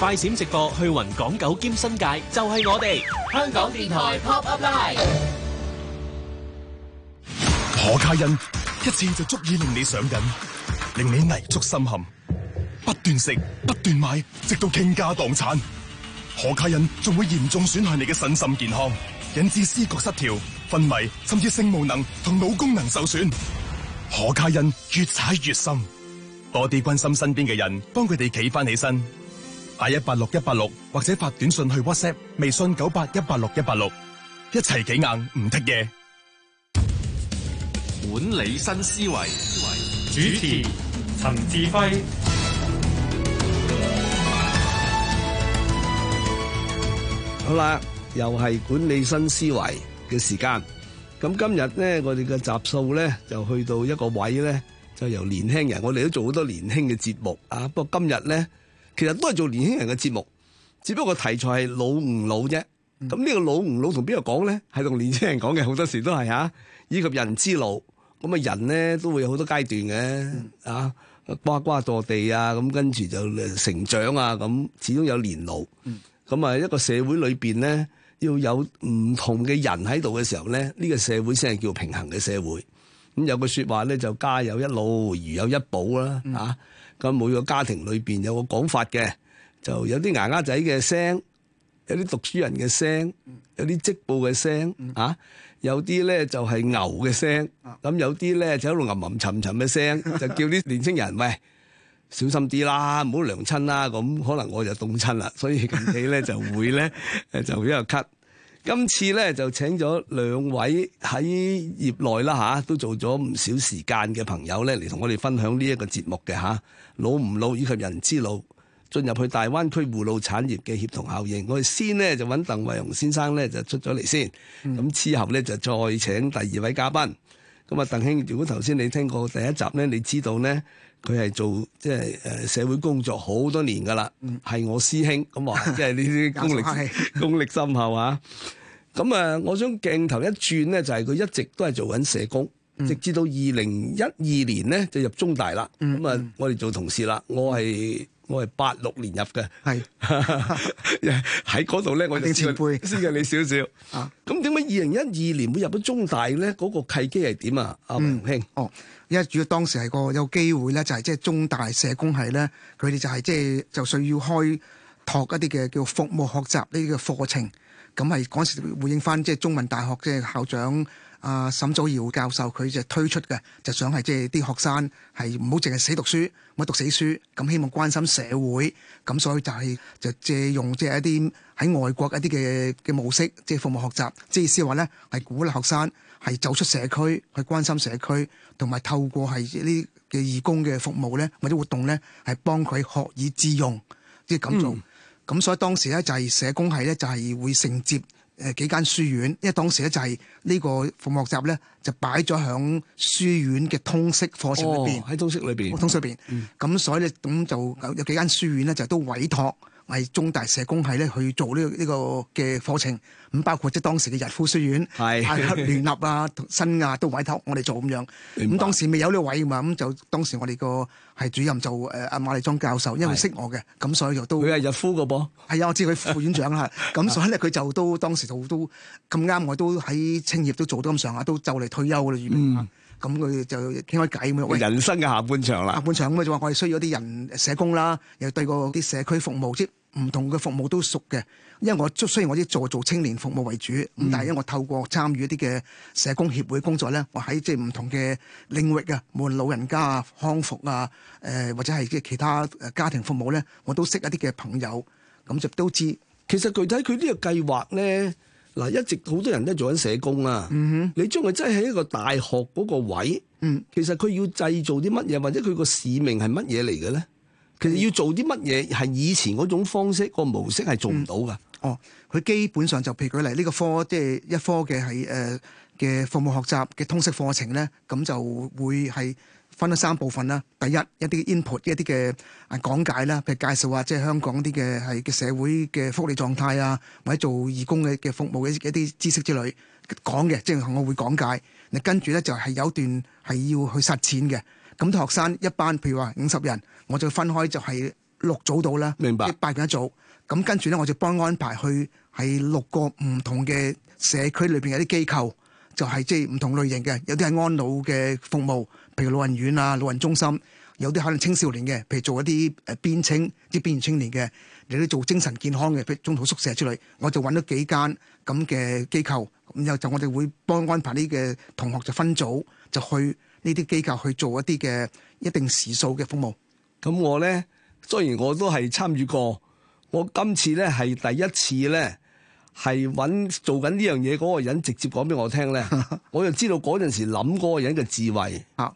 快閃直播去云港九兼新界，就係我哋香港電台 Pop Up Live。可卡因一次就足以令你上癮，令你泥足深陷，不斷食不斷買，直到傾家蕩產。可卡因仲會嚴重損害你嘅身心健康，引致思覺失調、昏迷，甚至性無能同腦功能受損。可卡因越踩越深，多啲關心身邊嘅人，幫佢哋企翻起身。打一八六一八六，或者發短信去 WhatsApp，微信九八一八六一八六，一齊企硬唔踢嘅。管理新思維，主持陳志輝。好啦，又係管理新思維嘅時間。咁今日咧，我哋嘅集數咧就去到一個位咧，就由年輕人，我哋都做好多年輕嘅節目啊。不過今日咧。其實都係做年輕人嘅節目，只不過題材係老唔老啫。咁呢、嗯、個老唔老同邊個講咧？係同年輕人講嘅，好多時都係吓、啊，以及人之老。咁啊人咧都會有好多階段嘅啊，呱呱墮地啊，咁跟住就成長啊，咁始終有年老。咁啊、嗯嗯、一個社會裏邊咧，要有唔同嘅人喺度嘅時候咧，呢、這個社會先係叫平衡嘅社會。咁有句說話咧，就家有一老，如有一寶啦，啊。嗯咁每個家庭裏邊有個講法嘅，就有啲牙牙仔嘅聲，有啲讀書人嘅聲，有啲織布嘅聲，嚇、啊，有啲咧就係、是、牛嘅聲，咁有啲咧就喺度吟吟沉沉嘅聲，就叫啲年青人喂，小心啲啦，唔好涼親啦，咁可能我就凍親啦，所以近幾咧就會咧就比較咳。今次咧就請咗兩位喺業內啦吓，都做咗唔少時間嘅朋友咧嚟同我哋分享呢一個節目嘅吓，老吾老以及人之老，進入去大灣區護老產業嘅協同效應。我哋先呢，就揾鄧惠雄先生咧就出咗嚟先，咁之後咧就再請第二位嘉賓。咁啊，鄧兄，如果頭先你聽過第一集咧，你知道咧。佢係做即係誒社會工作好多年噶啦，係、嗯、我師兄，咁啊即係呢啲功力 功力深厚啊！咁啊，我想鏡頭一轉咧，就係、是、佢一直都係做緊社工，嗯、直至到二零一二年咧就入中大啦。咁啊、嗯，我哋做同事啦，嗯、我係。我係八六年入嘅，喺嗰度咧我就師傅，師教你少少。咁點解二零一二年會入到中大咧？嗰、嗰個契機係點啊？阿雄兄，哦，因為主要當時係個有機會咧，就係即係中大社工系咧，佢哋就係即係就需要開拓一啲嘅叫服務學習呢個課程。咁係嗰時回應翻即係中文大學嘅校長。啊，沈祖堯教授佢就推出嘅，就是，想係即係啲學生係唔好淨係死讀書，唔好讀死書，咁希望關心社會，咁所以就係、是、就借用即係一啲喺外國一啲嘅嘅模式，即係服務學習，即係意思話咧係鼓勵學生係走出社區去關心社區，同埋透過係呢啲嘅義工嘅服務咧或者活動咧，係幫佢學以致用，即係咁做。咁、嗯、所以當時咧就係社工系咧就係會承接。誒幾間書院，因為當時咧就係呢個服務學習咧就擺咗響書院嘅通識課程入邊，喺、哦、通識裏邊，通識裏邊，咁、嗯、所以咧咁就有幾間書院咧就是、都委託。係中大社工系咧去做呢呢個嘅課程，咁包括即係當時嘅逸夫書院、聯合啊、新亞都委託我哋做咁樣。咁當時未有呢個位啊嘛，咁就當時我哋個系主任就誒阿馬麗莊教授，因為識我嘅，咁所以就都佢係逸夫噶噃。係啊，我知佢副院長啦，咁所以咧佢就都當時就都咁啱，我都喺青葉都做到咁上下，都就嚟退休啦，已咁佢就傾開偈咁啊！人生嘅下半場啦，下半場咁啊，就話我哋需要啲人社工啦，又對個啲社區服務即。唔同嘅服務都熟嘅，因為我雖然我啲做做青年服務為主，咁、嗯、但係因為我透過參與一啲嘅社工協會工作咧，我喺即係唔同嘅領域啊，無論老人家啊、康復啊，誒、呃、或者係其他家庭服務咧，我都識一啲嘅朋友，咁就都知。其實具體佢呢個計劃咧，嗱一直好多人都做緊社工啊，嗯、哼你將佢真係喺一個大學嗰個位，嗯、其實佢要製造啲乜嘢，或者佢個使命係乜嘢嚟嘅咧？其實要做啲乜嘢係以前嗰種方式個模式係做唔到噶、嗯。哦，佢基本上就譬如舉例呢、呢個科，即、就、係、是、一科嘅係誒嘅服務學習嘅通識課程咧，咁就會係分咗三部分啦。第一一啲 input 一啲嘅講解啦，譬如介紹下即係香港啲嘅係嘅社會嘅福利狀態啊，或者做義工嘅嘅服務嘅一啲知識之類講嘅，即係我會講解。你跟住咧就係有段係要去實踐嘅。咁啲學生一班，譬如話五十人，我就分開就係六組到啦，明白，八人一組。咁跟住咧，我就幫安排去喺六個唔同嘅社區裏邊有啲機構，就係即係唔同類型嘅，有啲係安老嘅服務，譬如老人院啊、老人中心，有啲可能青少年嘅，譬如做一啲誒邊青、啲邊緣青年嘅，有啲做精神健康嘅，譬如中途宿舍出嚟，我就揾咗幾間咁嘅機構，咁之後就我哋會幫安排呢嘅同學就分組就去。呢啲機構去做一啲嘅一定時數嘅服務，咁、嗯、我咧雖然我都係參與過，我今次咧係第一次咧係揾做緊呢樣嘢嗰個人直接講俾我聽咧， 我就知道嗰陣時諗嗰個人嘅智慧。啊，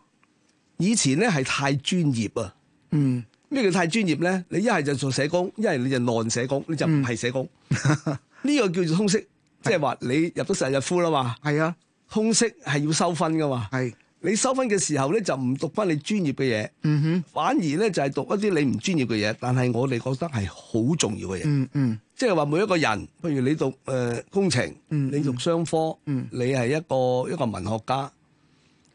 以前咧係太專業啊。嗯，咩叫太專業咧？你一係就做社工，一係你就浪社工，你就唔係社工。呢 個叫做通識，即係話你入咗成日夫啦嘛。係啊的，通識係要收分噶嘛。係的。你收分嘅時候咧，就唔讀翻你專業嘅嘢，嗯哼、mm，hmm. 反而咧就係讀一啲你唔專業嘅嘢，但係我哋覺得係好重要嘅嘢，嗯嗯、mm，即係話每一個人，譬如你讀誒、呃、工程，mm hmm. 你讀商科，mm hmm. 你係一個一個文學家，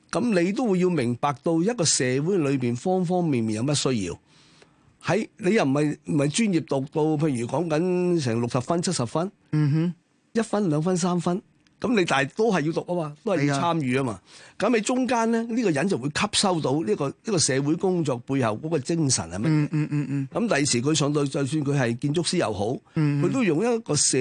咁你都會要明白到一個社會裏邊方方面面有乜需要，喺你又唔係唔係專業讀到，譬如講緊成六十分、七十分，嗯哼、mm，一分、hmm.、兩分、三分。咁你但係都係要讀啊嘛，說都係要參與啊嘛。咁你的中間咧，呢、呢個人就會吸收到呢、呢個呢、呢個社會工作背後嗰個精神係乜嘢？嗯嗯嗯嗯。咁第二時佢上到，就算佢係建築師又好，佢、嗯嗯、都用一個社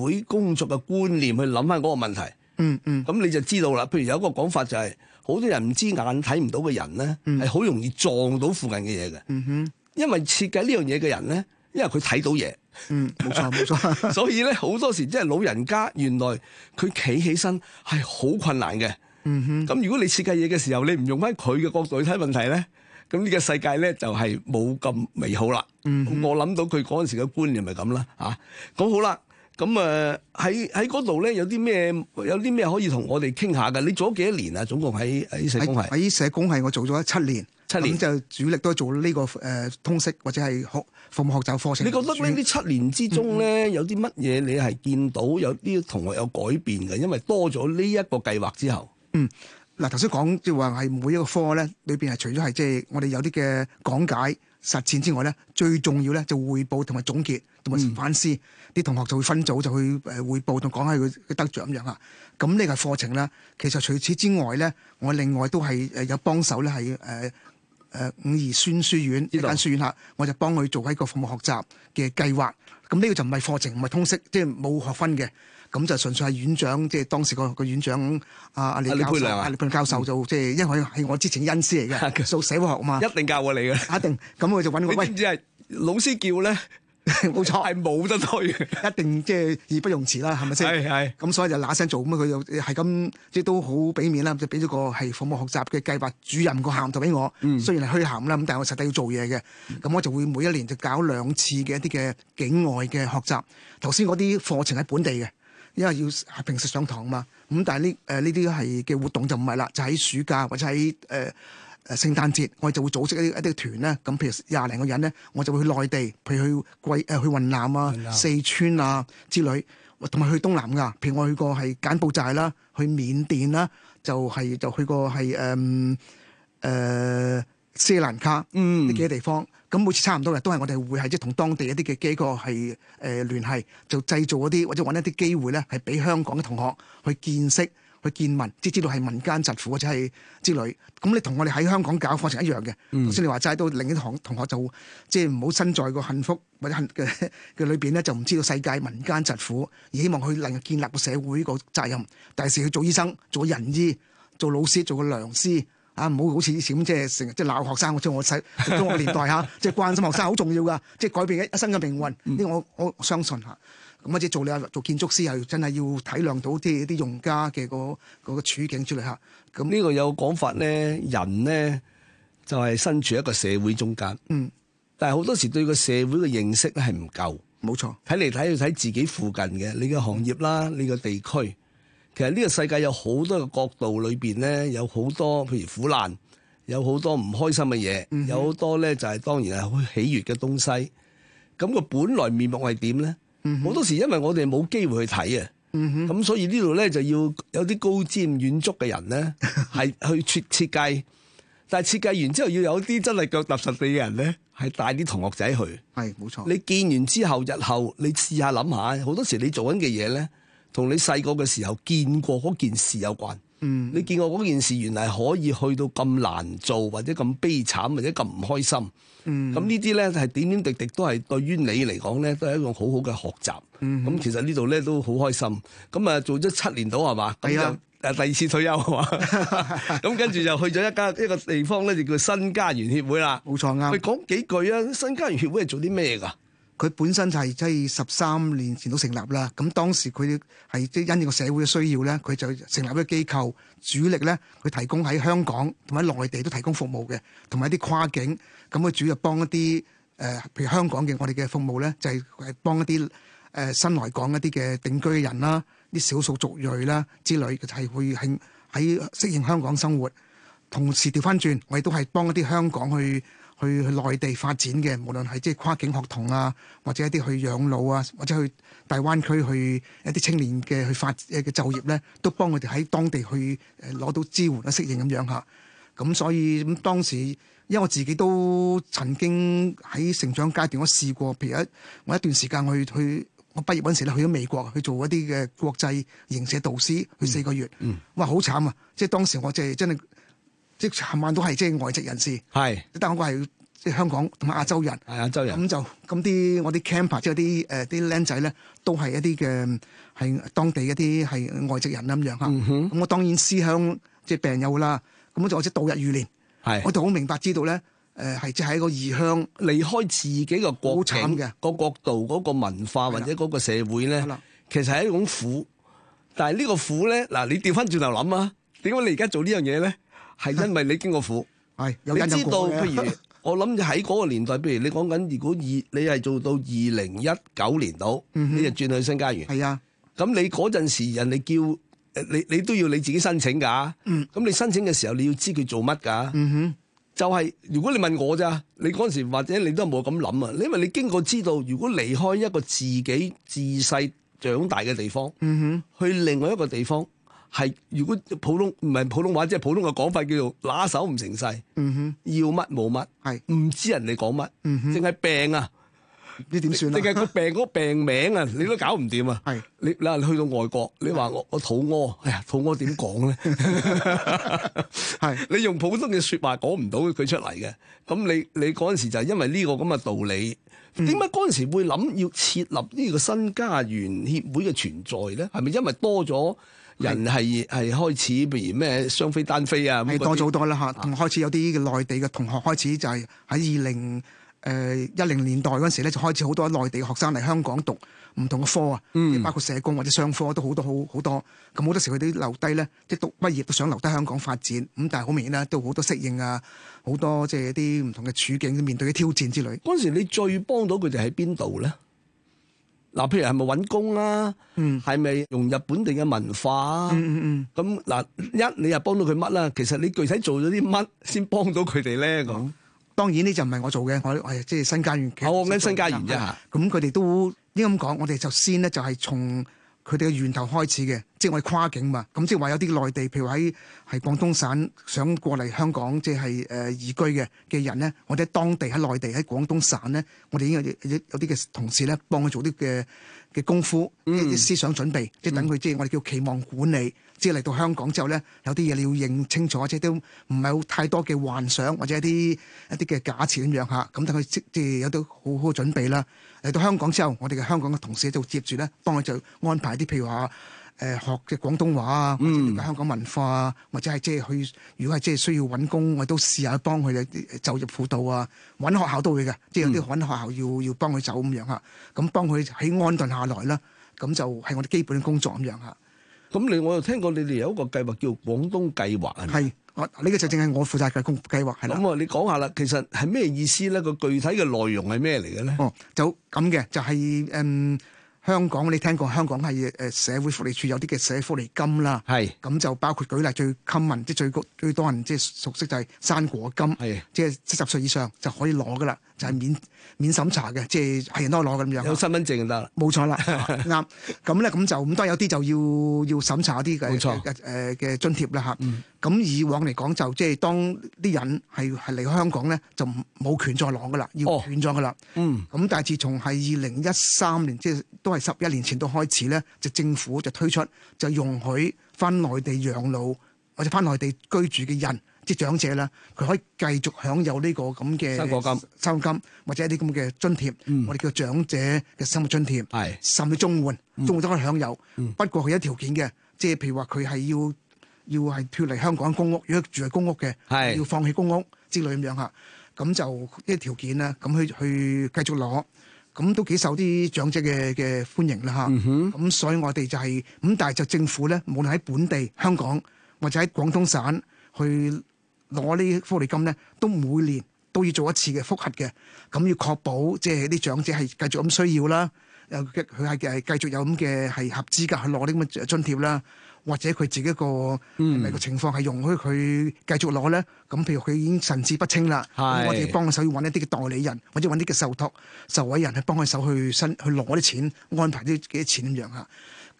會工作嘅觀念去諗翻嗰個問題。嗯嗯。咁、嗯、你就知道啦。譬如有一個講法就係、是，好多人唔知眼睇唔到嘅人咧，係好、嗯、容易撞到附近嘅嘢嘅。哼、嗯。嗯嗯、因為設計呢樣嘢嘅人咧，因為佢睇到嘢。嗯，冇錯冇錯， 所以咧好多時即係老人家，原來佢企起身係好困難嘅。嗯哼，咁如果你設計嘢嘅時候，你唔用返佢嘅角度去睇問題咧，咁呢個世界咧就係冇咁美好啦。嗯哼，我諗到佢嗰陣時嘅觀念咪咁啦。啊，咁好啦，咁誒喺喺嗰度咧有啲咩有啲咩可以同我哋傾下㗎？你做咗幾多年啊？總共喺喺社工系、喺社工系我做咗七年，七年就主力都係做呢、這個誒、呃、通識或者係學。服務學習課程，你覺得咧呢七年之中咧有啲乜嘢你係見到有啲同學有改變嘅？因為多咗呢一個計劃之後，嗯，嗱頭先講即係話係每一個科咧裏邊係除咗係即係我哋有啲嘅講解實踐之外咧，最重要咧就匯報同埋總結同埋反思，啲同學就會分組就去誒匯報同講下佢嘅得著咁樣啦。咁呢個課程咧，其實除此之外咧，我另外都係誒有幫手咧係誒。誒、呃、伍宜孫書院呢間道書院啦，我就幫佢做喺個服務學習嘅計劃。咁呢個就唔係課程，唔係通識，即係冇學分嘅。咁就純粹係院長，即、就、係、是、當時個個院長阿阿、啊、李阿、啊啊、李沛良教授、嗯、就即係因為係我之前恩師嚟嘅，做社會學啊嘛，一定教過你嘅，一定。咁我就揾個位。 你知唔知係老師叫咧？冇 錯，係冇得退， 一定即係義不容辭啦，係咪先？係係。咁所以就嗱嗱聲做咁。佢又係咁，即係都好俾面啦，就俾咗個係服務學習嘅計劃主任個函套俾我。嗯、雖然係虛函啦，咁但係我實際要做嘢嘅。咁、嗯、我就會每一年就搞兩次嘅一啲嘅境外嘅學習。頭先嗰啲課程喺本地嘅，因為要平時上堂啊嘛。咁但係呢誒呢啲係嘅活動就唔係啦，就喺暑假或者喺誒、呃聖誕節我哋就會組織一啲一啲團咧，咁譬如廿零個人咧，我就會去內地，譬如去貴誒去雲南啊、的四川啊之類，同埋去東南亞。譬如我去過係柬埔寨啦，去緬甸啦，就係、是、就去過係誒誒斯蘭卡，嗯，啲、呃、幾個地方。咁、嗯、每次差唔多嘅，都係我哋會係即同當地一啲嘅機構係誒聯繫，就製造一啲或者揾一啲機會咧，係俾香港嘅同學去見識。去見民，即知道係民間疾苦或者係之類。咁你同我哋喺香港搞嘅課程一樣嘅。頭先、嗯、你話齋到另一行同學就即唔好身在個幸福或者幸嘅嘅裏邊咧，就唔知道世界民間疾苦，而希望佢能夠建立個社會個責任。第時去做醫生，做個仁醫，做老師，做個良師啊！唔好好似以前咁即成日即鬧學生。我知我細中學年代嚇， 即關心學生好重要㗎，即改變一一生嘅命運。呢、嗯、我我相信嚇。咁或者做你啊做建築師啊，要真係要體諒到啲啲用家嘅個個個處境出嚟吓。咁呢個有講法咧，人咧就係身處一個社會中間。嗯，但係好多時對個社會嘅認識咧係唔夠。冇錯，睇嚟睇去睇自己附近嘅你嘅行業啦，你嘅地區。其實呢個世界有好多個角度裏邊咧，有好多譬如苦難，有好多唔開心嘅嘢，有好多咧就係當然係好喜悅嘅東西。咁個本來面目係點咧？好多時因為我哋冇機會去睇啊，咁、嗯、哼所以呢度咧就要有啲高瞻遠矚嘅人咧，係去設設計， 但係設計完之後要有啲真係腳踏實地嘅人咧，係帶啲同學仔去，係冇錯。你見完之後，日後你試下諗下，好多時你做緊嘅嘢咧，同你細個嘅時候見過嗰件事有關。嗯，你見過嗰件事原嚟可以去到咁難做，或者咁悲慘，或者咁唔開心。嗯，咁呢啲咧係點點滴滴都係對於你嚟講咧，都係一種好好嘅學習。嗯哼，咁其實呢度咧都好開心。咁啊，做咗七年到係嘛？係啊。誒，呀第二次退休係嘛？咁跟住就去咗一家一個地方咧，就叫新家園協會啦。冇錯，啱。你講幾句啊？新家園協會係做啲咩㗎？佢本身就係即係十三年前都成立啦，咁當時佢係即係因應個社會嘅需要咧，佢就成立一個機構，主力咧佢提供喺香港同埋內地都提供服務嘅，同埋一啲跨境，咁佢主要幫一啲誒，譬、呃、如香港嘅我哋嘅服務咧，就係、是、幫一啲誒、呃、新來港一啲嘅定居嘅人啦，啲少數族裔啦之類，其實係會喺喺適應香港生活。同時調翻轉，我亦都係幫一啲香港去。去去內地發展嘅，無論係即係跨境學童啊，或者一啲去養老啊，或者去大灣區去一啲青年嘅去發嘅就業咧，都幫佢哋喺當地去攞到支援啊，適應咁樣嚇。咁所以咁當時，因為我自己都曾經喺成長階段，我試過，譬如一我一段時間去去我畢業嗰陣時咧，去咗美國去做一啲嘅國際營社導師，去四個月。嗯。嗯哇！好慘啊！即係當時我即係真係。即係尋晚都係即係外籍人士，係是，但我講係即係香港同埋亞洲人，係亞洲人，咁就咁啲我啲 camper 即係啲誒啲僆仔咧，都係一啲嘅係當地一啲係外籍人咁樣吓。咁、嗯、哼我當然思鄉即係病友啦。咁我就即係度日如年。係是，我就好明白知道咧誒，係即係一個異鄉離開自己個國境嘅個國度嗰、那個文化的或者嗰個社會咧，的的其實係一種苦。但係呢個苦咧嗱，你調翻轉頭諗啊，點解你而家做呢樣嘢咧？係因為你經過苦，係唉你知道。不唉如我諗，喺嗰個年代，譬如 你講緊，如果二你係做到二零一九年度，嗯、哼你就轉去新家園。係啊、嗯哼，咁你嗰陣時人哋叫你，你都要你自己申請㗎。咁、嗯、你申請嘅時候，你要知佢做乜㗎？嗯、哼就係如果你問我咋，你嗰陣時或者你都冇咁諗啊，你因為你經過知道，如果離開一個自己自細長大嘅地方，去另外一個地方。嗯係，如果普通唔係普通話，即係普通嘅講法，叫做拿手唔成勢，嗯、哼要乜冇乜，係唔是知人哋講乜，淨係、嗯、哼病啊？你點算啊？淨係個病嗰個病名啊， 你都搞唔掂啊！係是你嗱，你去到外國，你話我我肚屙，哎呀肚屙點講咧？係 是 你用普通嘅説話講唔到佢出嚟嘅。咁你你嗰陣時就係因為呢個咁嘅道理，點解嗰陣時會諗要設立呢個新家園協，協會嘅存在咧？係咪因為多咗？人係係是開始譬如咩雙飛單飛啊？多咗好多啦嚇，同、啊、開始有啲嘅內地嘅同學開始就係喺二零誒一零年代嗰陣時咧，就開始好多內地學生嚟香港讀唔同嘅科啊，嗯、包括社工或者商科都好多好好多。咁好多，多，多時佢哋留低咧，即係讀畢業都想留低香港發展。咁但係好明顯咧，都好多適應啊，好多即係啲唔同嘅處境面對嘅挑戰之類。嗰陣時你最幫到佢哋喺邊度咧？嗱，譬如係咪揾工啊？係咪、嗯、融入本地嘅文化啊？咁嗱、嗯嗯，一你又幫到佢乜啦？其實你具體做咗啲乜先幫到佢哋咧？咁當然呢就唔係我做嘅，我我即係新家園。哦，我跟新家園啫。咁佢哋都應該咁講，我哋就先咧就係從。佢哋嘅源頭開始嘅，即係我哋跨境嘛，咁即係話有啲內地，譬如喺係廣東省想過嚟香港，即係誒、呃、移居嘅嘅人咧，或者當地喺內地喺廣東省咧，我哋已經有啲嘅同事咧幫佢做啲嘅嘅功夫，嗯、一啲思想準備，即係等佢，嗯、即係我哋叫期望管理。即係嚟到香港之後咧，有啲嘢你要認清楚，即係都唔係好太多嘅幻想或者一啲一啲嘅假設咁樣嚇。咁等佢即係有啲好好準備啦。嚟到香港之後，我哋嘅香港嘅同事就接住咧，幫佢就安排啲，譬如話誒學嘅廣東話啊，或者香港文化啊，嗯、或者係即係去，如果係即係需要揾工，我都試下幫佢就業輔導啊，揾學校都會嘅，即係有啲揾學校要要幫佢走咁樣嚇。咁幫佢喺安頓下來啦，咁就係我哋基本嘅工作咁樣嚇。咁你我又聽過你哋有一個計劃叫廣東計劃啊？係，我呢、這個就正係我負責嘅公計劃，係啦。咁啊，你講下啦，其實係咩意思咧？個具體嘅內容係咩嚟嘅咧？哦，就咁嘅，就係、是、誒、嗯、香港，你聽過香港係誒社會福利署有啲嘅社福利金啦。係是。咁就包括舉例最，最 common 即最個最多人即、就是、熟悉就係生果金，即七十歲以上就可以攞噶啦。就係免免審查嘅，即係人都攞咁樣，有身份證就得啦。冇錯啦，啱。咁咧咁就咁多，有啲就要要審查啲嘅，冇錯嘅誒嘅津貼啦嚇。咁、嗯嗯、以往嚟講就即係當啲人係離開香港咧，就冇權再攞噶啦，要斷咗噶啦。哦、嗯。咁但係自從係二零一三年，即係都係十一年前都開始咧，就政府就推出就容許返內地養老或者返內地居住嘅人。即係長者咧，佢可以繼續享有呢個咁嘅生活金、生活金或者一啲咁嘅津貼，我哋、嗯、叫長者嘅生活津貼，是甚至綜援、綜援都可以享有。嗯、不過佢有條件嘅，即係譬如話佢係要要係脱離香港公屋，如果住喺公屋嘅，是要放棄公屋之類咁樣吓，咁就啲條件咧，咁去去繼續攞，咁都幾受啲長者嘅嘅歡迎啦吓，咁、嗯、哼所以我哋就係、是、咁，但係就政府咧，無論喺本地香港或者喺廣東省去。去攞呢啲福利金咧，都每年都要做一次嘅複核嘅，咁要確保即係啲長者係繼續咁需要啦。誒，佢係係繼續有咁嘅係合資格去攞啲咁嘅津貼啦，或者佢自己個咪、嗯、情況係容許佢繼續攞咧。咁譬如佢已經神志不清啦，是我哋幫佢手要揾一啲嘅代理人，或者揾啲嘅受託受委人去幫佢手去申去攞啲錢，安排啲幾多錢咁樣嚇。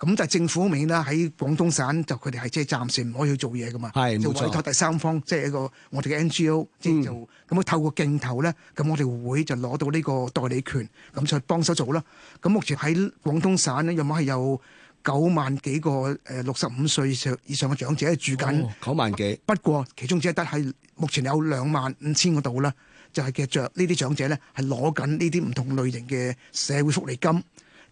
咁就係政府嗰面啦，喺廣東省就佢哋係即係暫時唔可以去做嘢噶嘛，就委託第三方，即係一個我哋嘅 NGO 即係就咁樣透過鏡頭咧，咁我哋會就攞到呢個代理權，咁就去幫手做啦。咁目前喺廣東省咧，有冇係有九萬幾個誒六十五歲以上嘅長者住緊，哦，九萬幾？不過其中只係得係目前有兩萬五千個度啦，就係其實呢啲長者咧係攞緊呢啲唔同類型嘅社會福利金。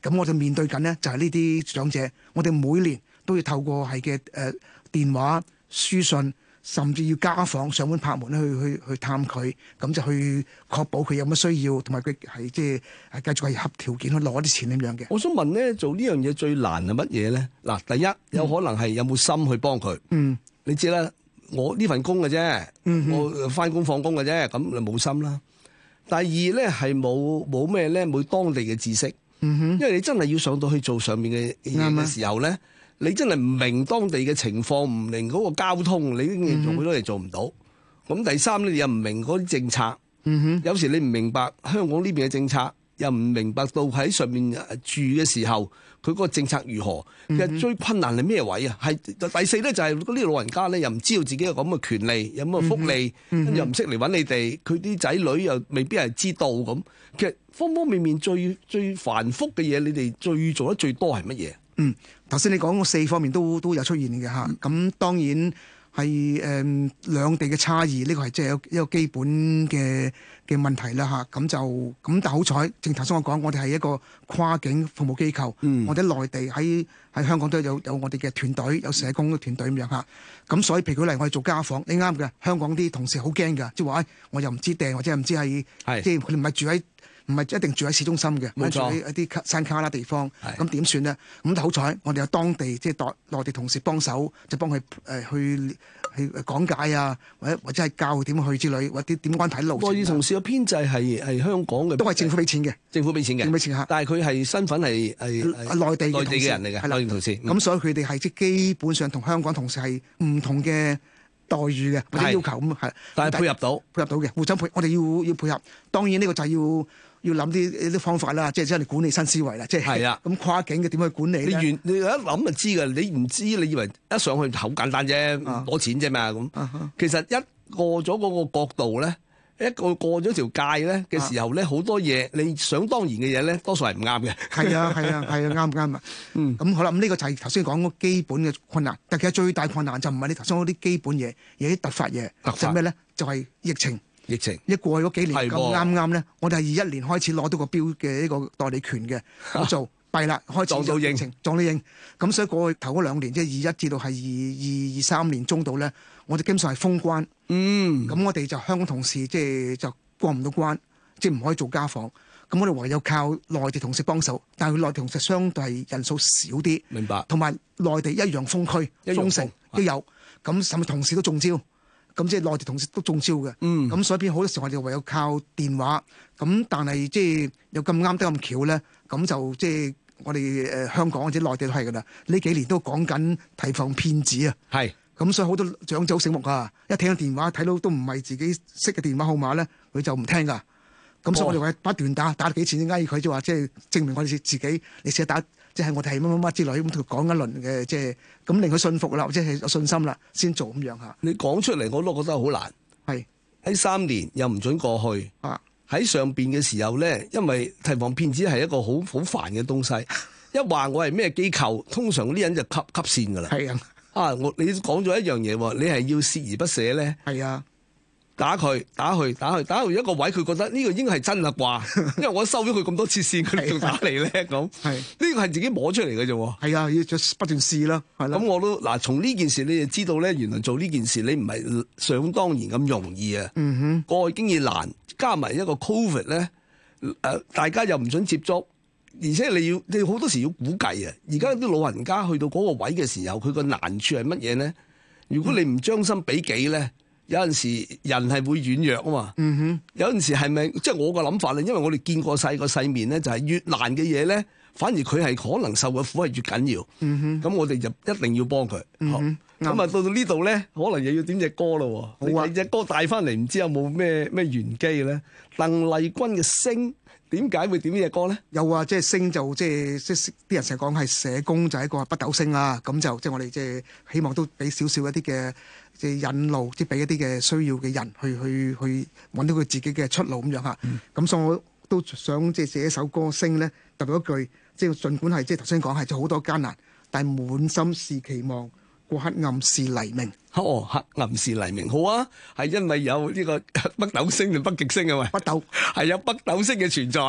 咁我就面對緊咧，就係呢啲長者。我哋每年都要透過係嘅誒電話、書信，甚至要家訪、上門拍門咧，去去去探佢，咁就去確保佢有乜需要，同埋佢係即係繼續係合條件去攞啲錢咁樣嘅。我想問咧，做呢樣嘢最難係乜嘢咧？嗱，第一有可能係有冇心去幫佢。嗯，你知啦，我呢份工嘅啫，嗯、哼我返工放工嘅啫，咁就冇心啦。第二咧係冇冇咩咧冇當地嘅知識。因為你真係要上到去做上面嘅嘢嘅時候呢，嗎你真係唔明當地嘅情況，唔明嗰個交通，你已仲好多嘢做唔到。咁、嗯、哼第三呢又唔明嗰啲政策，嗯、哼有時你唔明白香港呢邊嘅政策，又唔明白到喺上面住嘅時候佢嗰個政策如何。嗯、哼其實最困難係咩位啊？係第四呢，就係嗰啲老人家呢，又唔知道自己有咁嘅權利，有咁嘅福利，又唔識嚟揾你哋，佢啲仔女又未必係知道咁方方面面最最繁複嘅嘢，你哋最做得最多係乜嘢？嗯，頭先你講嗰四方面都都有出現嘅嚇。咁、嗯、當然係誒兩地嘅差異，呢個係即係一個基本嘅嘅問題啦嚇。咁就咁，但好彩，正頭先我講，我哋係一個跨境服務機構，嗯、我哋內地喺喺香港都有有我哋嘅團隊，有社工嘅團隊咁樣嚇。咁、嗯嗯、所以，譬如佢嚟我哋做家訪，你啱嘅，香港啲同事好驚㗎，即係話誒，我又唔知訂或者唔知係即係佢哋唔係住喺。唔係一定住喺市中心嘅，住喺一啲山卡拉地方，咁點算呢？咁好彩，我哋有當地即係內內地同事幫手，就幫佢誒去去講解啊，或者或者係教佢點去之類，或者點樣睇路。內地同事嘅編制係係香港嘅，都係政府俾錢嘅，政府俾錢嘅，政府俾錢嘅。但係佢係身份係係內地內地嘅人嚟嘅內地同事。咁所以佢哋係即係基本上同香港同事係唔同嘅待遇嘅或者要求咁係。但係配合到配合到嘅互相配，我哋要要配合。當然呢個就係要。要諗啲啲方法啦，即係真係管理新思維啦，即係係啊。咁跨境嘅點去管理咧？你完你一諗就知㗎，你唔知你以為一上去好簡單啫，攞錢啫嘛咁。其實一過咗嗰個角度咧，一過過咗條界咧嘅時候咧，好多嘢你想當然嘅嘢咧，多數係唔啱嘅。係啊係啊係啊，啱唔啱啊。嗯，咁好啦，咁呢個就係頭先講嗰基本嘅困難，但係其實最大困難就唔係你頭先嗰啲基本嘢，而係啲突發嘢，突發咩咧？就係疫情。疫情一過咗幾年咁啱啱咧，我哋係二一年開始攞到個標嘅呢個代理權嘅，我做弊啦，開始撞到應，撞到應。咁所以過去頭嗰兩年，即係二一至到係二二二三年中度咧，我哋基本上係封關。嗯，咁我哋就香港同事即係就過唔到關，即係唔可以做家訪。咁我哋唯有靠內地同事幫手，但係內地同事相對人數少啲，明白。同埋內地一樣封區、封城都有，咁甚至同事都中招。咁即係內地同事都中招嘅，咁、嗯、所以變好多時我哋唯有靠電話。咁但係即係有咁啱得咁巧咧，咁就即係我哋誒、呃、香港或者內地都係㗎啦。呢幾年都講緊提防騙子啊，係咁是，所以好多長者好醒目啊。一聽到電話睇到都唔係自己識嘅電話號碼咧，佢就唔聽㗎。咁所以我哋會不斷打打幾次，挨佢即係話即係證明我哋自己你試下打。即係我哋乜乜乜之類咁同佢講一輪嘅，即係咁令佢信服啦，或者係有信心啦，先做咁樣吓。你講出嚟，我都覺得好難。係喺三年又唔准過去。啊！喺上邊嘅時候咧，因為提防騙子係一個好好煩嘅東西。一話我係咩機構，通常嗰啲人就吸吸線㗎啦。係啊！啊，我你講咗一樣嘢喎，你係要鍥而不捨咧。係啊。打佢，打佢，打佢，打佢！一個位佢覺得呢個應該係真啦啩， 因為我收咗佢咁多次線，佢仲 是、啊、打你咧咁。呢個係自己摸出嚟嘅啫喎。係啊，要不斷試啦。係啦、啊。咁我都嗱，從呢件事你就知道咧，原來做呢件事你唔係想當然咁容易啊。嗯哼，個經驗難加埋一個 covid 咧，誒、呃，大家又唔准接觸，而且你要你好多時要估計啊。而家啲老人家去到嗰個位嘅時候，佢個難處係乜嘢咧？如果你唔將心比己咧？嗯有陣時人係會軟弱啊嘛，嗯哼。有陣時係咪即係我個諗法咧？因為我哋見過世個世面咧，就係越難嘅嘢咧，反而佢係可能受嘅苦係越緊要。嗯哼。咁我哋就一定要幫佢。咁啊到到呢度咧，可能又要點隻歌咯？你隻歌帶翻嚟，唔知有冇咩咩玄機咧？鄧麗君嘅星點解會點呢隻歌咧？又話即係星就即係即係啲人成日講係社工就係一個北斗星啊！咁就即係我哋即係希望都俾少少一啲嘅。即係引路，即係俾一啲嘅需要嘅人去去去揾到佢自己嘅出路咁樣吓。咁所以我都想即係寫一首歌聲咧，特別一句，即係儘管係即係頭先講係做好多艱難，但係滿心是期望，過黑暗是黎明。哦，黑暗是黎明，好啊，係因為有呢個北斗星定北極星啊嘛。北斗係有北斗星嘅存在。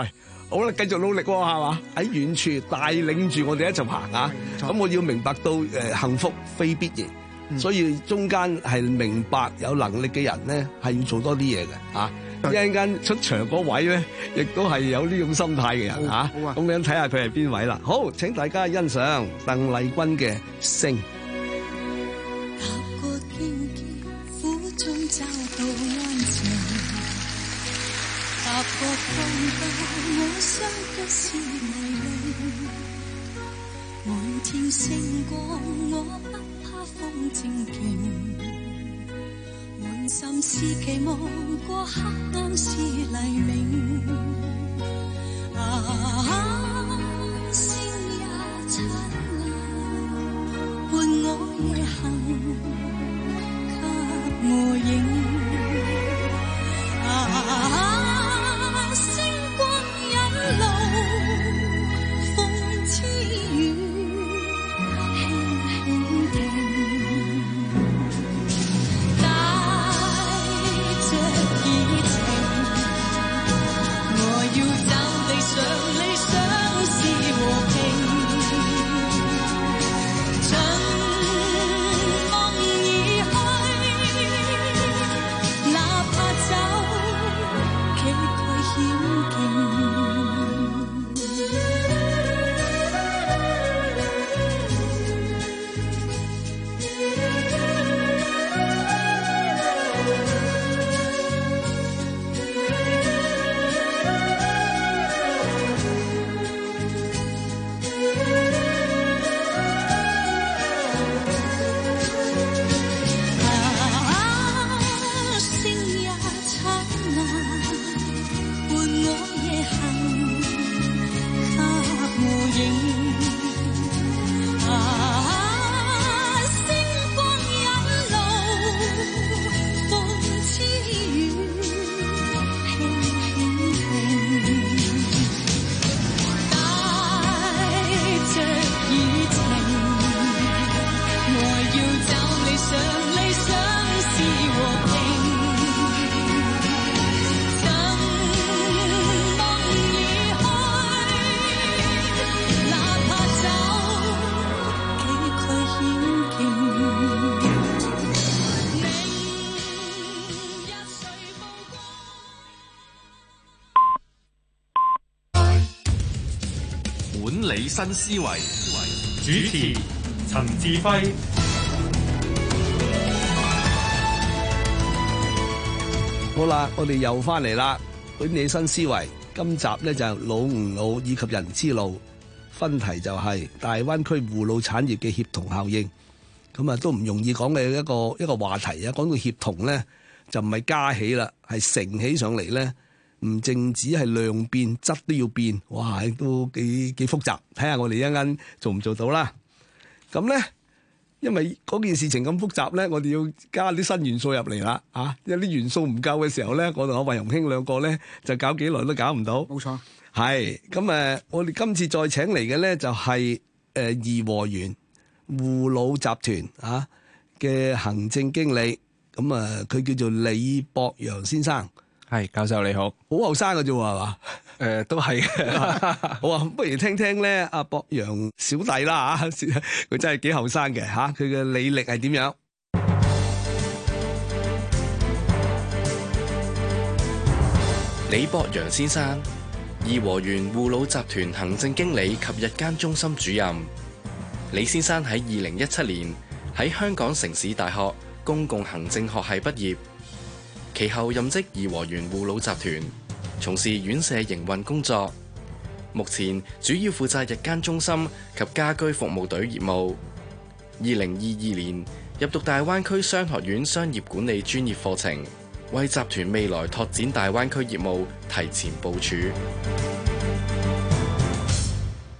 好啦，繼續努力喎，係嘛？喺遠處帶領住我哋一齊行啊！咁我要明白到誒幸福非必然。所以中間係明白有能力嘅人咧，係要做多啲嘢嘅嚇。一陣間出場嗰位咧，亦都係有呢種心態嘅人嚇。咁樣睇下佢係邊位啦？好，請大家欣賞鄧麗君嘅《星》。風靜靜，滿心是期望，過黑暗是黎明。啊，星也燦爛，伴我夜行，給我影。新思維主持陳志輝，好啦，我哋又翻嚟啦，管理新思維今集呢就係，老吾老以及人之老，分題就係大灣區護老產業嘅協同效應，咁、嗯、啊都唔容易講嘅一個一個話題啊！講到協同呢，就唔係加起啦，係成起上嚟呢。唔淨止係量變，質都要變，哇，都幾幾複雜。睇下我哋一間做唔做到啦。咁咧，因為嗰件事情咁複雜咧，我哋要加啲新元素入嚟啦。因為啲元素唔夠嘅時候咧，我同阿惠雄兄兩個咧就搞幾耐都搞唔到。冇錯，係咁誒。我哋今次再請嚟嘅咧就係誒頤和園護老集團啊嘅行政經理，咁啊佢叫做李博洋先生。係教授你好，呃、 好後生嘅啫，係嘛？誒，都係，好啊！不如聽聽咧，阿博洋小弟啦吓，佢 真係幾後生嘅吓，佢嘅履歷係點樣？李博洋先生，頤和園護老集團行政經理及日間中心主任。李先生喺二零一七年喺香港城市大學公共行政學系畢業。其後任職頤和園護老集團，從事院舍營運工作。目前主要負責日間中心及家居服務隊業務。二零二二年入讀大灣區商學院商業管理專業課程，為集團未來拓展大灣區業務提前部署。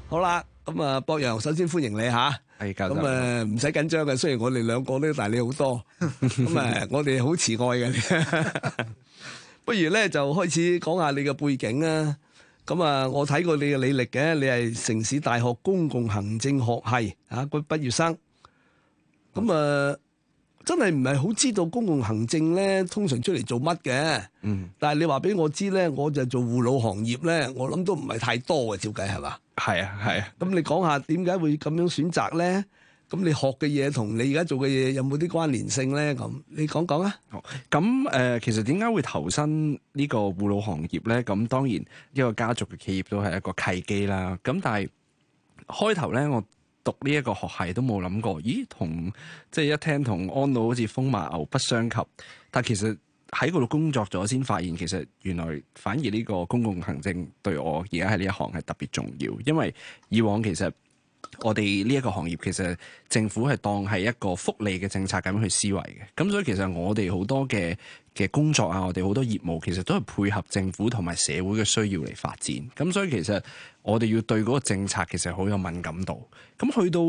好啦，咁啊，博洋首先歡迎你吓。咁啊，唔使、嗯、緊張嘅。雖然我哋兩個咧，但係你好多。咁啊，我哋好慈愛嘅。 不如咧，就開始講下你嘅背景啊。咁啊，我睇過你嘅履歷嘅，你係城市大學公共行政學系啊，個畢業生。咁啊、嗯呃，真係唔係好知道公共行政咧，通常出嚟做乜嘅？嗯。但係你話俾我知咧，我就做護老行業咧，我諗都唔係太多嘅，照計係嘛？係啊，係啊。咁你講下點解會咁樣選擇咧？咁你學嘅嘢同你而家做嘅嘢有冇啲關聯性咧？咁你講講啊。好，咁誒、呃，其實點解會投身呢個護老行業咧？咁當然一個家族嘅企業都係一個契機啦。咁但係開頭咧，我讀呢一個學系都冇諗過，咦？同即係一聽同安老好似風馬牛不相及，但其實。喺嗰度工作咗先，發現其實原來反而呢個公共行政對我而家喺呢一行係特別重要，因為以往其實我哋呢一個行業其實政府係當係一個福利嘅政策咁樣去思維嘅，咁所以其實我哋好多嘅嘅工作啊，我哋好多業務其實都係配合政府同埋社會嘅需要嚟發展，咁所以其實我哋要對嗰個政策其實好有敏感度，咁去到。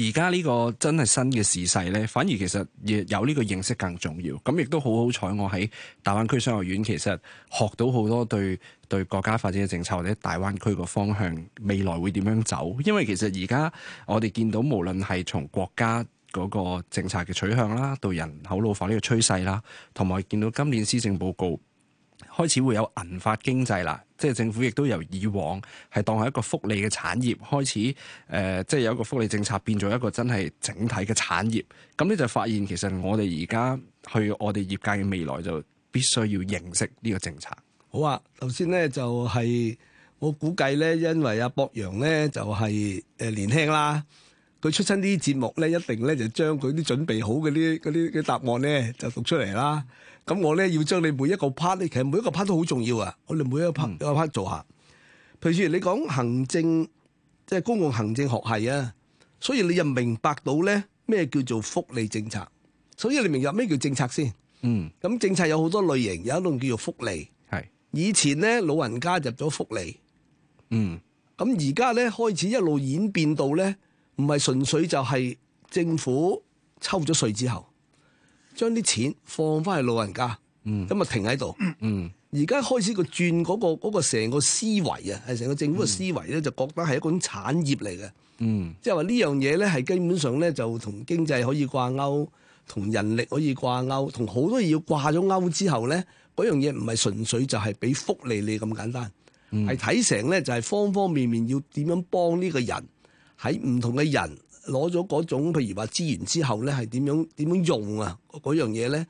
而家呢個真係新嘅時勢咧，反而其實有呢個認識更重要。咁亦都好好彩，我喺大灣區商學院其實學到好多對對國家發展嘅政策或者大灣區個方向未來會點樣走。因為其實而家我哋見到無論係從國家嗰個政策嘅取向啦，到人口老化呢個趨勢啦，同埋見到今年施政報告。開始會有銀髮經濟啦，即係政府亦都由以往係當係一個福利嘅產業，開始誒、呃，即係有一個福利政策變做一個真係整體嘅產業。咁咧就發現其實我哋而家去我哋業界嘅未來就必須要認識呢個政策。好啊，頭先咧就係、是、我估計咧，因為阿博洋咧就係、是、誒年輕啦，佢出親呢啲節目咧，一定咧就將佢啲準備好嘅啲啲嘅答案咧就讀出嚟啦。咁我咧要將你每一個 part 咧，其實每一個 part 都好重要啊！我哋每一個 part，、嗯、一個 part 做下。譬如說你講行政，即、就、係、是、公共行政學系啊，所以你就明白到咧咩叫做福利政策。所以你明白咩叫政策先？嗯，咁政策有好多類型，有一類叫做福利。係以前咧，老人家入咗福利。嗯，咁而家咧開始一路演變到咧，唔係純粹就係政府抽咗稅之後。將啲錢放翻去老人家，咁咪、嗯、停喺度。而家、嗯、開始轉、嗰個轉嗰、嗰個成個思維啊，係成個政府嘅思維咧，就覺得係一種產業嚟嘅。即係話呢樣嘢咧，係基本上咧就同經濟可以掛鈎，同人力可以掛鈎，同好多嘢掛咗鈎之後咧，嗰樣嘢唔係純粹就係俾福利你咁簡單，係睇、嗯、成咧就係方方面面要點樣幫呢個人喺唔同嘅人。攞咗嗰種，譬如話資源之後咧，係點樣點樣用啊？嗰樣嘢咧，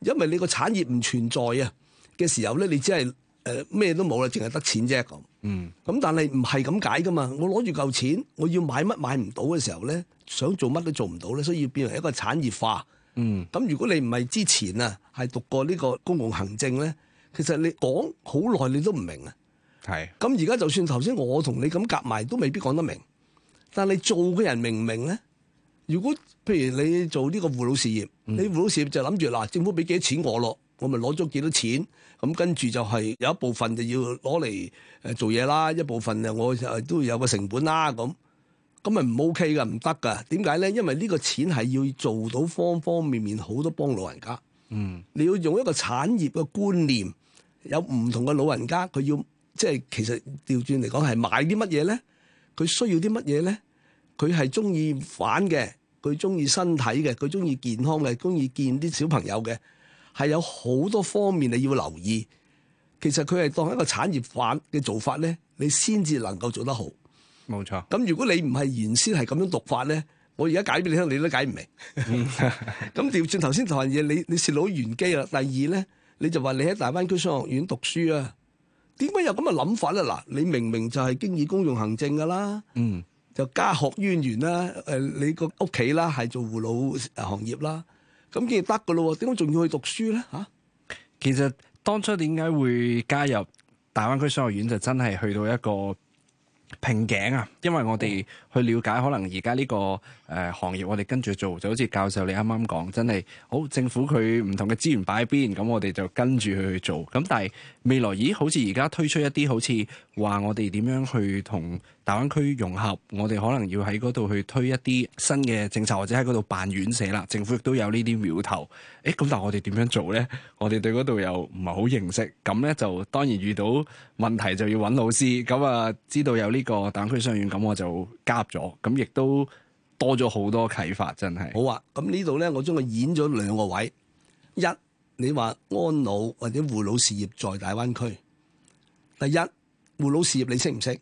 因為你個產業唔存在啊嘅時候咧，你只係誒咩都冇啦，淨係得錢啫。嗯。咁但係唔係咁解㗎嘛？我攞住嚿錢，我要買乜買唔到嘅時候咧，想做乜都做唔到咧，所以要變成一個產業化。嗯。咁如果你唔係之前啊，係讀過呢個公共行政咧，其實你講好耐你都唔明啊。係。咁而家就算頭先我同你咁夾埋，都未必講得明。但係你做嘅人明唔明咧？如果譬如你做呢個護老事業，嗯、你護老事業就諗住嗱，政府俾幾多錢我囉，我咪攞咗幾多錢，咁跟住就係有一部分就要攞嚟誒做嘢啦，一部分就我都有個成本啦，咁咁咪唔 OK 㗎，唔得㗎。點解咧？因為呢個錢係要做到方方面面，好多幫老人家。嗯，你要用一個產業嘅觀念，有唔同嘅老人家，佢要即係其實調轉嚟講係買啲乜嘢咧？佢需要啲乜嘢咧？佢係中意玩嘅，佢中意身體嘅，佢中意健康嘅，中意見啲小朋友嘅，係有好多方面你要留意。其實佢係當一個產業化嘅做法咧，你先至能夠做得好。冇錯。咁如果你唔係原先係咁樣讀法咧，我而家解俾你聽，你都解唔明。咁調轉頭先嗰份嘢，你你涉到玄機啦。第二咧，你就話你喺大灣區商學院讀書啊。點解有咁嘅諗法咧？嗱，你明明就係經已公用行政噶啦，嗯、就家學淵源啦，誒，你個屋企啦係做護老行業啦，咁既然得噶咯喎，點解仲要去讀書咧？吓、啊，其實當初點解會加入大灣區商學院，就真係去到一個瓶頸啊，因為我哋去了解，可能而家呢個誒、呃、行業我，我哋跟住做就好似教授你啱啱講，真係好政府佢唔同嘅資源擺喺邊，咁我哋就跟住佢去做。咁但係未來，咦？好似而家推出一啲好似話，我哋點樣去同？大灣區融合，我哋可能要喺嗰度去推一啲新嘅政策，或者喺嗰度辦院社啦。政府亦都有呢啲苗頭，誒、欸，咁但係我哋點樣做咧？我哋對嗰度又唔係好認識，咁咧就當然遇到問題就要揾老師。咁啊，知道有呢個大灣區商院，咁我就加入咗，咁亦都多咗好多啟發，真係。好啊，咁呢度咧，我將佢演咗兩個位，一你話安老或者護老事業在大灣區，第一護老事業你識唔識？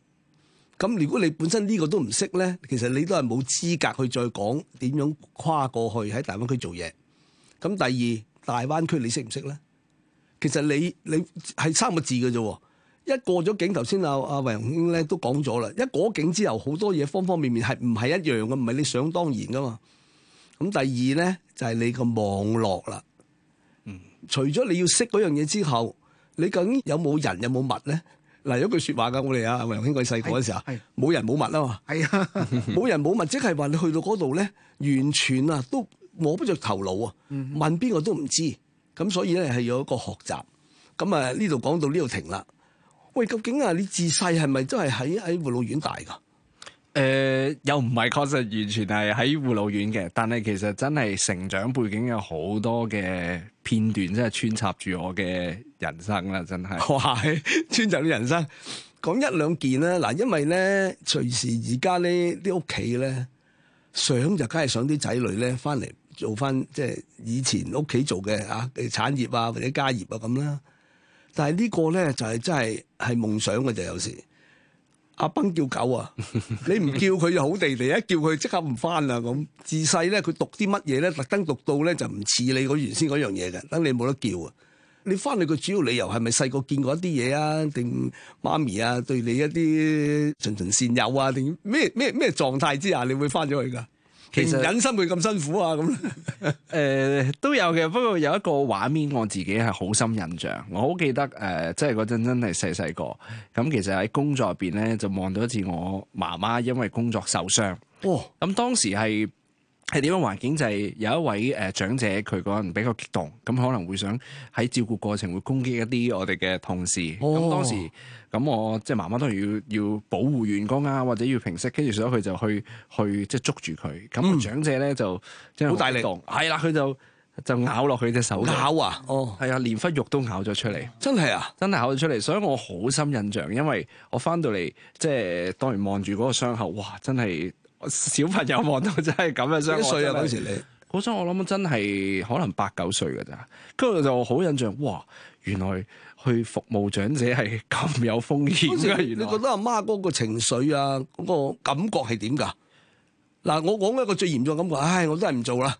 咁如果你本身呢個都唔識咧，其實你都係冇資格去再講點樣跨過去喺大灣區做嘢。咁第二，大灣區你識唔識咧？其實你你係三個字嘅啫。一過咗境，頭先阿阿惠雄咧都講咗啦。一過境之後，好多嘢方方面面係唔係一樣嘅，唔係你想當然噶嘛。咁第二咧就係、是、你個網絡啦。嗯，除咗你要識嗰樣嘢之後，你究竟有冇人有冇物咧？嗱，有句説話㗎，我哋啊雄兄，貴細個嗰時候冇人冇物啊嘛，冇是、啊、 人冇物，即係話你去到嗰度咧，完全啊都摸不着頭腦啊，問邊個都唔知，咁所以咧係有一個學習，咁啊呢度講到呢度停啦。喂，究竟啊你自細係咪真係喺喺護老院大㗎？誒、呃，又唔係確實完全係喺護老院嘅，但係其實真係成長背景有好多嘅片段，真係穿插住我嘅人生啦，真係。哇， 穿插啲人生，講一兩件啦。嗱，因為咧，隨時而家呢啲屋企咧，想就梗係想啲仔女咧翻嚟做翻，即係以前屋企做嘅啊，產業啊或者家業啊咁啦。但係呢個咧就係真係係夢想嘅，就是、有時。阿崩叫狗啊！你唔叫佢就好地地，一叫佢即刻唔翻啦咁。自細咧佢讀啲乜嘢咧，特登讀到咧就唔似你嗰原先嗰樣嘢嘅。等你冇得叫啊！你翻去個主要理由係咪細個見過一啲嘢啊？定媽咪啊對你一啲循循善誘啊？定咩咩咩狀態之下你會翻咗去噶？其實忍心會咁辛苦啊咁，誒、 呃、都有嘅。不過有一個畫面我自己係好深印象，我好記得誒，即係嗰陣真係細細個。咁其實喺工作入邊咧，就望到一次我媽媽因為工作受傷。哦，咁當時係係點樣環境？就係、是、有一位誒、呃、長者，佢個人比較激動，咁可能會想喺照顧過程會攻擊一啲我哋嘅同事。咁、哦、當時。咁我即係媽媽當然要要保護員工啊，或者要平息，跟住所以佢就去去即係捉住佢。咁個、嗯、長者咧就即係好大力，係啦，佢就就咬落佢隻手，咬啊，哦，係啊，連塊肉都咬咗出嚟，嗯、真係啊，真係咬咗出嚟。所以我好深印象，因為我翻到嚟即係當然望住嗰個傷口，哇，真係小朋友望到真係咁嘅傷口。幾歲啊？當時你？嗰陣我諗，真係可能八九歲㗎咋。跟住就好印象，哇，原來。原來原來去服務長者係咁有風險，你覺得阿媽嗰個情緒啊，嗰、嗰個感覺係點噶？嗱，我講一個最嚴重感覺，唉，我都係唔做啦。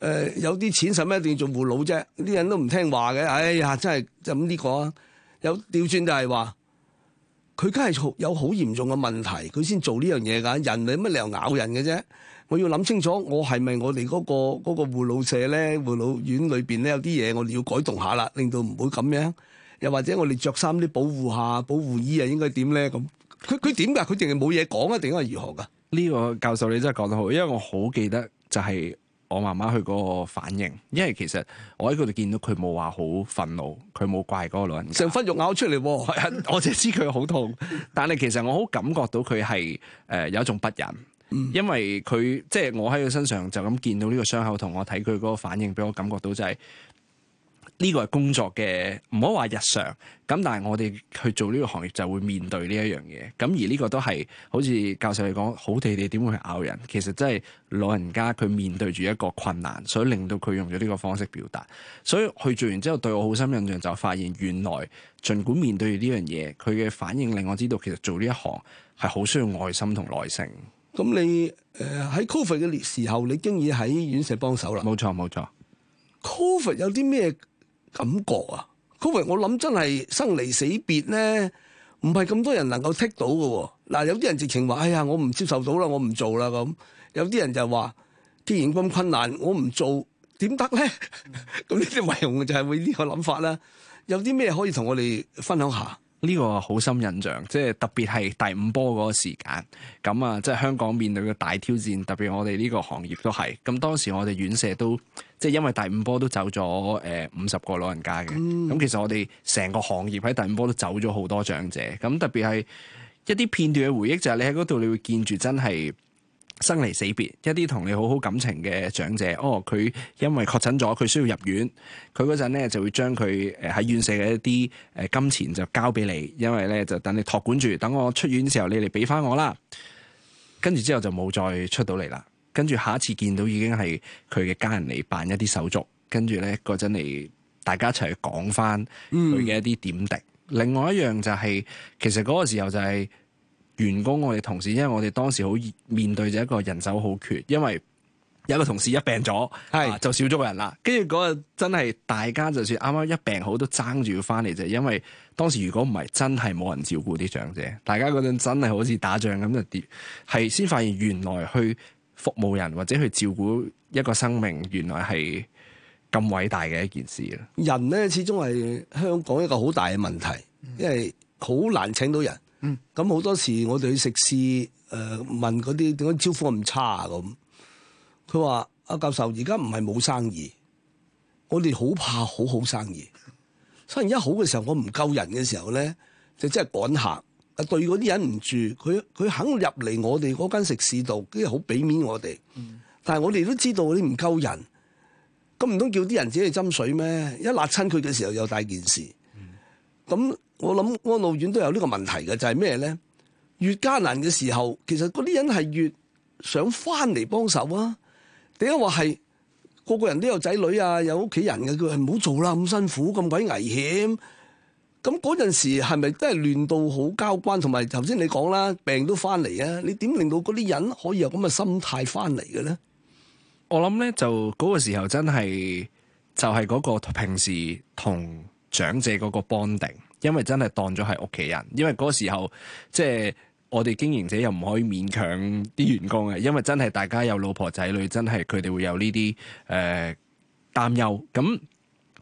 誒、呃，有啲錢使咩一定要做護老啫？啲人都唔聽話嘅，哎呀，真係就咁呢個、啊。有調轉就係話，佢梗係有好嚴重嘅問題，佢先做呢樣嘢噶。人哋乜理由咬人嘅啫？我要諗清楚我是是我、嗰個，我係咪我哋嗰個嗰個護老社咧、護老院裏邊咧有啲嘢，我哋要改動下啦，令到唔會咁樣。又或者我哋着衫啲保護下、保護衣啊，應該點咧？咁佢佢點㗎？佢淨係冇嘢講啊？定係如何㗎？呢個教授你真係講得好，因為我好記得就係我媽媽佢嗰個反應，因為其實我喺佢度見到佢冇話好憤怒，佢冇怪嗰個老人成塊肉咬出嚟喎，我就知佢好痛， 但係其實我好感覺到佢係誒有一種不忍，因為佢即係我喺佢身上就咁見到呢個傷口同我睇佢嗰個反應，俾我感覺到就係、是。呢個係工作嘅，唔好話日常。咁但係我哋去做呢個行業就會面對呢一樣嘢。咁而呢個都係好似教授你講，好地地點會去咬人？其實真係老人家佢面對住一個困難，所以令到佢用咗呢個方式表達。所以去做完之後，對我好深印象就係發現，原來儘管面對呢樣嘢，佢嘅反應令我知道其實做呢一行係好需要愛心同耐性。咁你誒喺 Covid 嘅時候，你經已喺院舍幫手啦。冇錯，冇錯。Covid 有啲咩？感覺啊各位我諗真係生離死別咧，唔係咁多人能夠剔到嘅喎、啊。嗱、啊，有啲人直情話：哎呀，我唔接受到啦，我唔做啦咁。有啲人就話：既然咁困難，我唔做點得咧？咁呢啲為何就係會呢個諗法咧？有啲咩可以同我哋分享下？呢個好深印象，即係特別係第五波嗰個時間，咁啊，即係香港面對嘅大挑戰，特別我哋呢個行業都係。咁當時我哋院舍都即係因為第五波都走咗誒五十個老人家嘅，咁、嗯、其實我哋成個行業喺第五波都走咗好多長者。咁特別係一啲片段嘅回憶，就係、是、你喺嗰度，你會見住真係。生離死別，一啲同你好好感情嘅長者，哦，佢因為確診咗，佢需要入院，佢嗰陣咧就會將佢誒喺院舍嘅一啲誒金錢就交俾你，因為咧就等你託管住，等我出院嘅時候你嚟俾翻我啦。跟住之後就冇再出到嚟啦。跟住下一次見到已經係佢嘅家人嚟辦一啲手續，跟住咧嗰陣嚟大家一齊去講翻佢嘅一啲點滴。嗯、另外一樣就係、是、其實嗰個時候就係、是。員工我哋同事，因為我哋當時好面對着一個人手好缺，因為有一個同事一病咗是、啊，就少咗個人啦。跟住嗰日真係大家就算啱啱一病好都爭住要翻嚟，就因為當時如果唔係，真係冇人照顧啲長者。大家嗰陣真係好似打仗咁，就係先發現原來去服務人或者去照顧一個生命，原來係咁偉大嘅一件事啦。人呢，始終係香港一個好大嘅問題，因為好難請到人。咁好，嗯，多時我哋去食肆。誒、呃、問嗰啲點解招呼咁差啊？咁佢話阿教授而家唔係冇生意，我哋好怕好好生意。生意一好嘅時候，我唔夠人嘅時候咧，就即係趕客。對嗰啲忍唔住，佢佢肯入嚟我哋嗰間食肆度，跟住好俾面我哋。但係我哋都知道你唔夠人，咁唔通叫啲人自己去斟水咩？一辣親佢嘅時候又大件事。咁，嗯嗯我諗安老院都有呢個問題嘅，就係咩咧？越艱難嘅時候，其實嗰啲人係越想翻嚟幫手啊。點解話係個個人都有仔女啊，有屋企人嘅，啊？佢係唔好做啦，咁辛苦，咁鬼危險。咁嗰陣時係咪真係亂到好交關？同埋頭先你講啦，病都翻嚟。啊，你點令到嗰啲人可以有咁嘅心態翻嚟嘅咧？我諗咧，就嗰個時候真係就係、是、嗰個平時同長者嗰個 bonding。因為真係當咗係屋企人，因為嗰個時候即係、就是、我哋經營者又唔可以勉強啲員工嘅，因為真係大家有老婆仔女，真係佢哋會有呢啲誒擔憂。咁、呃、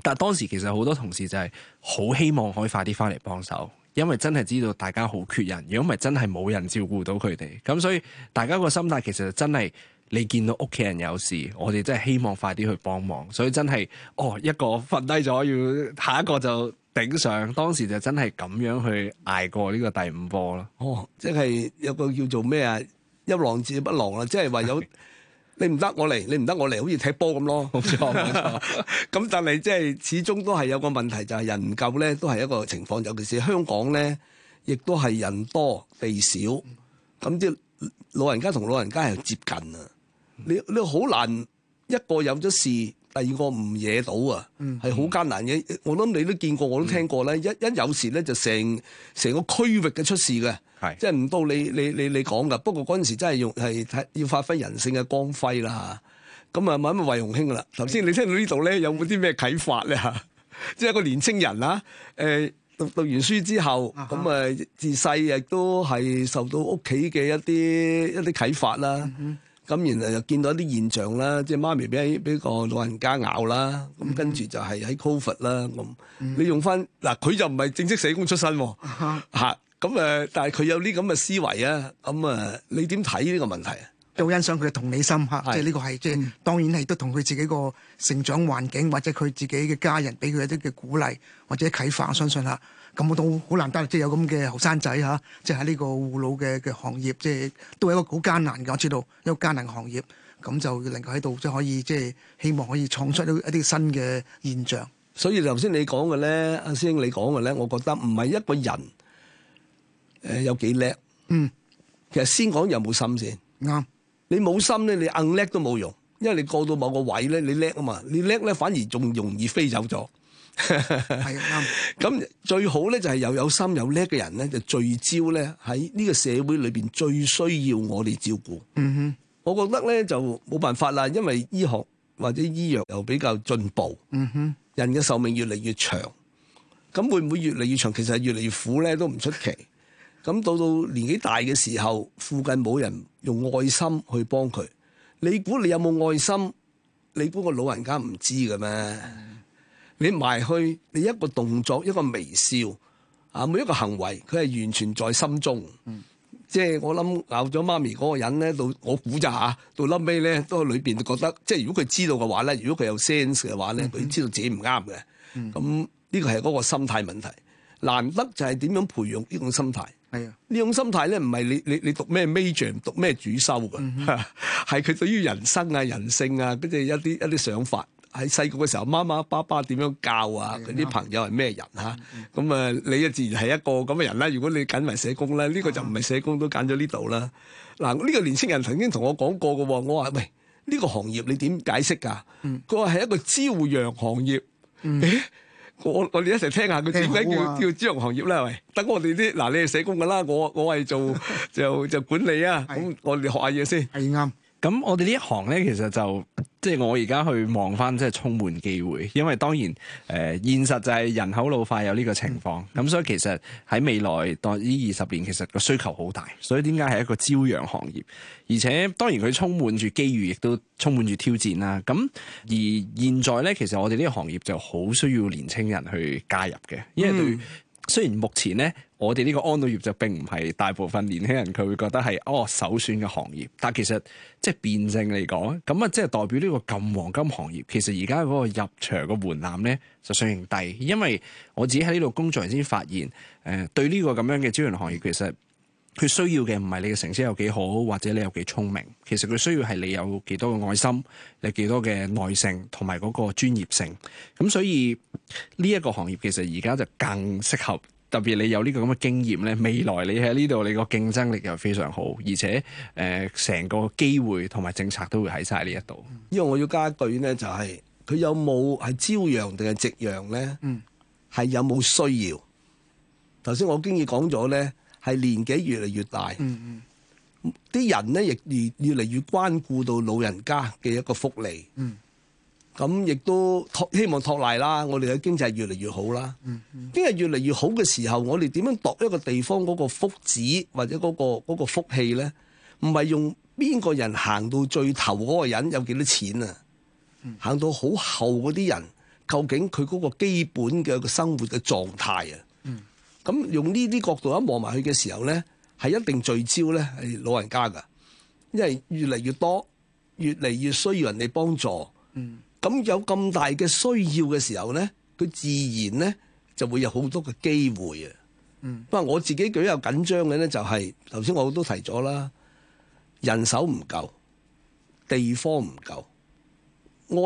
但係當時其實好多同事就係好希望可以快啲翻嚟幫手，因為真係知道大家好缺人，如果唔係真係冇人照顧到佢哋。咁所以大家個心態其實真係。你見到屋企人有事，我哋真係希望快啲去幫忙，所以真係哦。一個瞓低咗，要下一個就頂上。當時就真係咁樣去捱過呢個第五波咯。哦，即係有個叫做咩啊，一浪治不浪，一浪接一浪啦，即係話有的你唔得我嚟，你唔得我嚟，好似踢波咁咯。冇錯冇錯。咁 但係即係始終都係有個問題，就係、是、人唔夠咧，都係一個情況。尤其是香港咧，亦都係人多地少，咁即老人家同老人家係接近啊。你你好難一個有咗事，第二個唔惹到啊，係好艱難嘅。我諗你都見過，我都聽過咧、嗯哼。一一有時咧，就成成個區域嘅出事嘅，是即係唔到你你你你講噶。不過嗰陣時真係用係睇要發揮人性嘅光輝啦嚇。咁啊，問下惠雄兄啦。頭先、嗯、哼你聽到呢度咧，有冇啲咩啟發咧嚇？即 係一個年青人啊，誒讀讀完書之後，咁啊自細亦都係受到屋企嘅一啲一啲啟發啦。嗯哼嗯咁然後又見到一啲現象啦，即係媽咪俾俾個老人家咬啦，咁、嗯、跟住就係喺 COVID 啦咁。你用翻嗱，佢就唔係正式社工出身嚇，咁誒、啊哈啊，但係佢有啲咁嘅思維啊，咁誒，你點睇呢個問題啊？都好欣賞佢嘅同理心嚇，是即係呢個係即係當然係都同佢自己個成長環境或者佢自己嘅家人俾佢一啲嘅鼓勵或者啓發，我相信啦。咁我都好難得，即係有咁嘅後生仔吓，即係喺呢個護老嘅嘅行業，即係都係一個好艱難嘅我知道，一個艱難行業，咁就能夠喺度即係可以即係希望可以創出一啲新嘅現象。所以頭先你講嘅咧，阿師兄你講嘅咧，我覺得唔係一個人誒有幾叻，嗯，其實先講有冇心先。啱，你冇心咧，你硬叻都冇用，因為你過到某個位咧，你叻啊嘛，你叻咧反而仲容易飛走咗。係啊，啱。咁最好咧就係又有，有心有叻嘅人咧，就聚焦咧喺呢個社會裏邊最需要我哋照顧。嗯哼，我覺得咧就冇辦法啦，因為醫學或者醫藥又比較進步。嗯哼，人嘅壽命越嚟越長，咁會唔會越嚟越長？其實越嚟越苦咧都唔出奇。咁到到年紀大嘅時候，附近冇人用愛心去幫佢，你估你有冇愛心？你估個老人家唔知㗎咩？你埋去，你一個動作，一個微笑，啊，每一個行為，佢係完全在心中。嗯，即係我諗咬咗媽咪嗰個人咧，到我估咋吓，到粒尾咧都喺裏邊覺得，即係如果佢知道嘅話咧，如果佢有 sense 嘅話咧，佢、嗯嗯、知道自己唔啱嘅。嗯，嗯，咁呢個係嗰個心態問題。難得就係點樣培養呢種心態？係啊，呢種心態咧唔係你你你讀咩 major，讀咩主修嘅，係佢、嗯嗯嗯、 對於人生啊、人性啊嗰啲一啲一啲想法。喺細個嘅時候，媽媽爸爸點樣教啊？佢啲朋友係咩人嚇？咁誒，你誒自然係一個咁嘅人啦。如果你揀為社工咧，呢個就唔係社工都揀咗呢度啦。嗱，呢個年輕人曾經同我講過嘅喎，我話喂，呢個行業你點解釋㗎？佢話係一個朝陽行業。我我哋一齊聽下佢點解叫叫朝陽行業啦。喂，等我哋啲嗱，你係社工㗎啦，我我係做就做管理啊。咁我哋學下嘢先。係啱。咁我哋呢一行呢，其實就即係我而家去望翻，即係充滿機會。因為當然，誒、呃，現實就係人口老化有呢個情況，咁、嗯、所以其實喺未來到呢二十年，其實個需求好大。所以點解係一個朝陽行業？而且當然佢充滿住機遇，亦都充滿住挑戰啦。咁而現在呢，其實我哋呢個行業就好需要年青人去加入嘅，因為對、嗯。雖然目前咧，我哋呢個安老業就並唔係大部分年輕人佢會覺得係哦首選嘅行業，但其實即係辯證嚟講，咁啊即係代表呢個咁黃金行業，其實而家嗰個入場嘅門檻咧就相應低，因為我自己喺呢度工作人先發現，誒、呃、對呢個咁樣嘅朝陽行業其實。佢需要嘅唔係你嘅成績有幾好，或者你有幾聰明，其實佢需要係你有幾多嘅愛心，你幾多嘅耐性，同埋嗰個專業性。咁所以呢一個行業其實而家就更適合，特別你有呢個咁嘅經驗咧，未來你喺呢度你個競爭力又非常好，而且誒成個機會同埋政策都會喺晒呢一度。因為我要加一句咧，就係佢有冇係朝陽定係夕陽咧？嗯，係有冇需要？頭先我經已講咗咧。係年紀越嚟越大，啲、嗯嗯、人咧亦越越嚟越關顧到老人家嘅一個福利。咁亦、嗯、都托希望托賴啦，我哋嘅經濟越嚟越好啦。經濟、嗯嗯、越嚟越好嘅時候，我哋點樣度一個地方嗰個福祉或者嗰、嗰個嗰個福氣咧？唔係用邊個人行到最頭嗰個人有幾多錢啊？行、嗯、到好後嗰啲人，究竟佢嗰個基本嘅一個生活嘅狀態啊？咁用呢啲角度一望埋去嘅時候呢，係一定聚焦呢係老人家噶，因為越嚟越多、越嚟越需要人哋幫助。咁、嗯、有咁大嘅需要嘅時候呢，佢自然呢就會有好多嘅機會啊。嗯，不過我自己比較緊張嘅呢、就係，就係頭先我都提咗啦，人手唔夠，地方唔夠，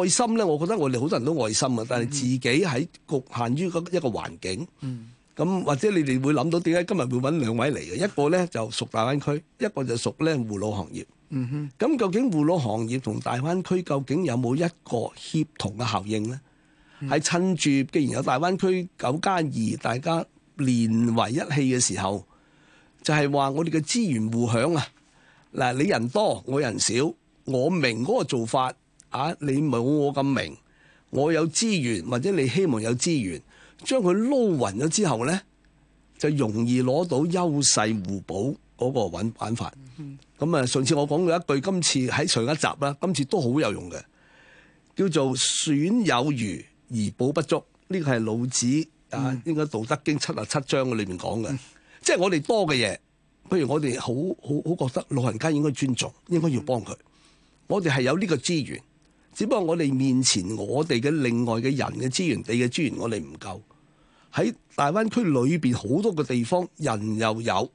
愛心呢。我覺得我哋好多人都愛心啊，但係自己喺局限於一個環境。嗯。咁或者你哋會諗到點解今日會揾兩位嚟嘅？一個呢就屬大灣區，一個就屬呢護老行業。咁、嗯、哼究竟護老行業同大灣區究竟有冇一個協同嘅效應呢？喺、嗯、趁住既然有大灣區九加二，2，大家連為一氣嘅時候，就係、是、話我哋嘅資源互享啊！嗱，你人多我人少，我明嗰個做法啊，你冇我咁明，我有資源或者你希望有資源。將佢撈勻咗之後咧，就容易攞到優勢互補嗰個玩玩法。咁啊，上次我講過一句，今次喺上一集啦，今次都好有用嘅，叫做“損有餘而補不足”。呢個係老子啊，應該《道德經》七十七章嘅裏面講嘅，嗯、即係我哋多嘅嘢，譬如我哋好好好覺得老人家應該尊重，應該要幫佢，我哋係有呢個資源。只不過我哋面前，我哋嘅另外嘅人嘅資源、地嘅資源，我哋唔夠。喺大灣區裏邊好多個地方，人又有，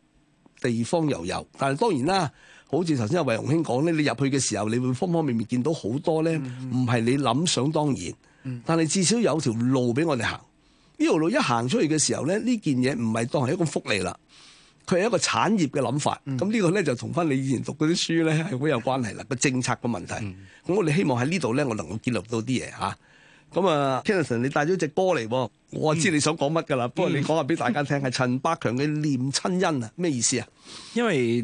地方又有。但係當然啦，好似頭先阿惠雄兄講咧，你入去嘅時候，你會方方面面見到好多咧，唔係你諗想，想當然。但係至少有條路俾我哋行。呢、嗯、條路一行出去嘅時候咧，呢件嘢唔係當係一個福利啦。佢係一個產業嘅諗法，咁呢個咧就同翻你以前讀嗰啲書咧係好有關係啦。個政策嘅問題，咁、嗯、我哋希望喺呢度咧，我能夠建立到啲嘢嚇。咁啊 k e n n s o n 你帶咗隻歌嚟，我知你想講乜噶啦。嗯、不過你講下俾大家聽，係 陳百強嘅《念親恩》啊，咩意思啊？因為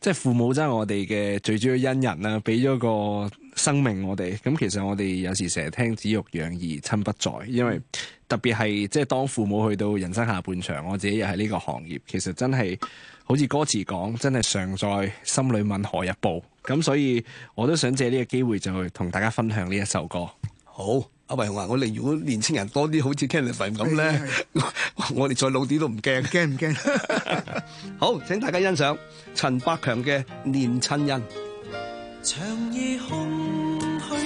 即係、就是、父母真係我哋嘅最主要恩人啊，俾咗個生命我哋咁，其實我哋有時成日聽子欲養而親不在，因為特別係即係當父母去到人生下半場，我自己又係呢個行業，其實真係好似歌詞講，真係常在心裏問何日報。咁所以，我都想借呢個機會就同大家分享呢一首歌。好，阿惠雄，我哋如果年青人多啲，好似 Kelly 咁咧， 我我哋再老啲都唔驚，驚唔驚？ 好，請大家欣賞陳百強嘅《念親恩》。長夜空。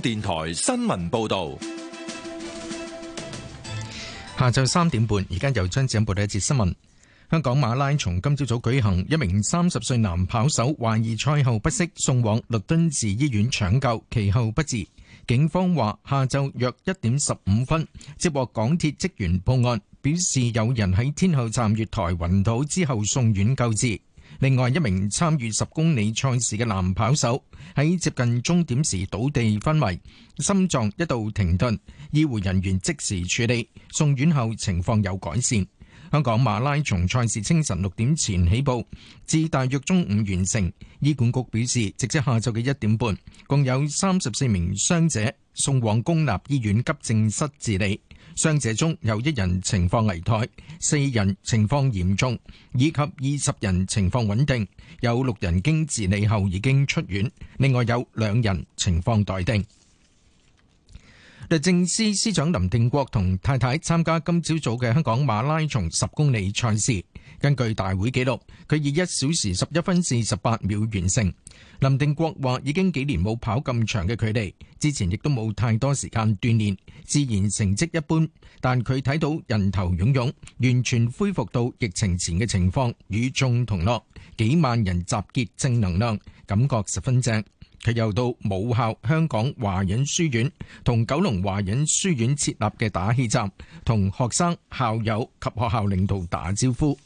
電台新聞報道：下晝三點半，而家由張子欣報道一節新聞。香港馬拉松今朝早舉行，一名三十歲男跑手懷疑賽後不適，送往律敦治醫院搶救，其後不治。警方話，下晝約一點十五分，接獲港鐵職員報案，表示有人喺天后站月台暈倒之後送院救治。另外一名參與十公里賽事嘅男跑手喺接近終點時倒地昏迷，心臟一度停頓，醫護人員即時處理，送院後情況有改善。香港馬拉松賽事清晨六點前起步，至大約中午完成。醫管局表示，直至下晝嘅一點半，共有三十四名傷者送往公立醫院急症室治理。傷者中有一人情況危殆，四人情況嚴重，以及二十人情況穩定，有六人經治理後已經出院。另外有兩人情況待定。律政司司長林定國同太太參加今朝早嘅香港馬拉松十公里賽事，根據大會紀錄，佢以一小時十一分四十八秒完成。林定國話：已經幾年冇跑咁長嘅距離之前亦都冇太多時間鍛煉，自然成績一般。但佢睇到人頭涌涌，完全恢復到疫情前嘅情況，與眾同樂，幾萬人集結正能量，感覺十分正。佢又到母校香港華仁書院同九龍華仁書院設立嘅打氣站，同學生、校友及學校領導打招呼。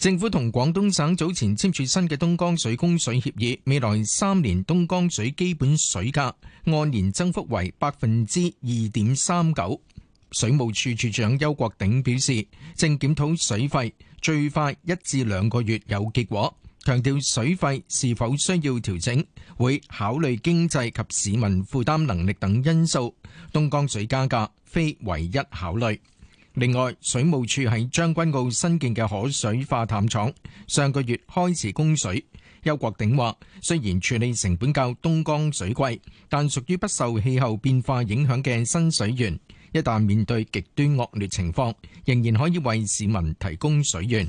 政府同廣東省早前簽署新嘅東江水供水協議，未來三年東江水基本水價按年增幅為百分之二點三九。水務處處長邱國鼎表示，正檢討水費，最快一至兩個月有結果。強調水費是否需要調整，會考慮經濟及市民負擔能力等因素。東江水加價非唯一考慮。另外，水務署喺將軍澳新建嘅海水化淡廠上個月開始供水。邱國鼎話，雖然處理成本較東江水貴，但屬於不受氣候變化影響嘅新水源，一旦面對極端惡劣情況，仍然可以為市民提供水源。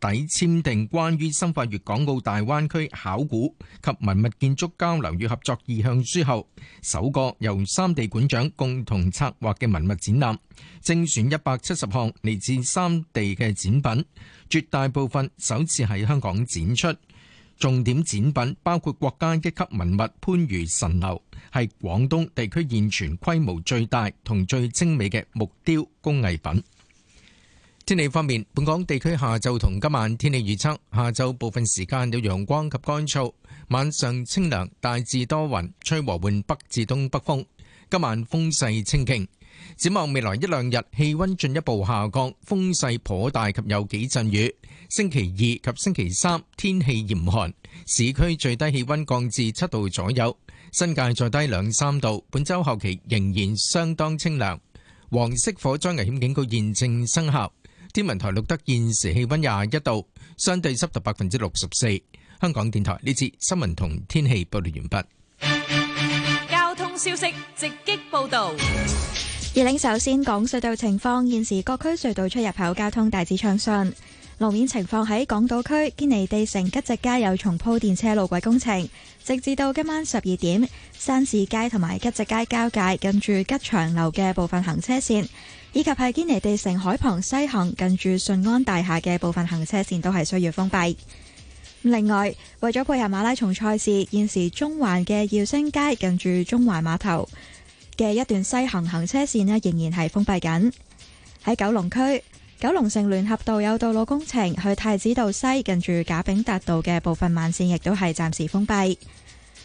底簽訂關於深化粵港澳大灣區考古及文物建築交流與合作意向書後，首個由三地館長共同策劃嘅文物展覽，精選一百七十項嚟自三地嘅展品，絕大部分首次喺香港展出。重點展品包括國家一級文物番禺神樓，係廣東地區現存規模最大同最精美嘅木雕工藝品。天氣方面，本港地區下晝同今晚天氣預測：下晝部分時間有陽光及乾燥，晚上清涼，大致多雲，吹和緩北至東北風。今晚風勢清勁。展望未來一兩日，氣溫進一步下降，風勢頗大及有幾陣雨。星期二及星期三天氣嚴寒，市區最低氣溫降至七度左右，新界再低兩三度。本周後期仍然相當清涼。黃色火災危險警告現正生效。天文台錄得現時氣溫廿一度，相對濕度百分之六十四。香港電台呢次新聞同天氣報道完畢。交通消息直擊報道。而領首先講隧道情況，現時各區隧道出入口交通大致暢順。路面情況，喺港島區堅尼地城吉直街有重鋪電車路軌工程，直至到今晚十二點，山市街同埋吉直街交界近住吉祥樓嘅部分行車線。以及喺堅尼地城海旁西行近住順安大廈嘅部分行車線都係需要封閉。另外，為咗配合馬拉松賽事，現時中環嘅耀星街近住中環碼頭嘅一段西行行車線咧，仍然係封閉緊。喺九龍區，九龍城聯合道有道路工程，去太子道西近住賈炳達道嘅部分慢線亦都係暫時封閉。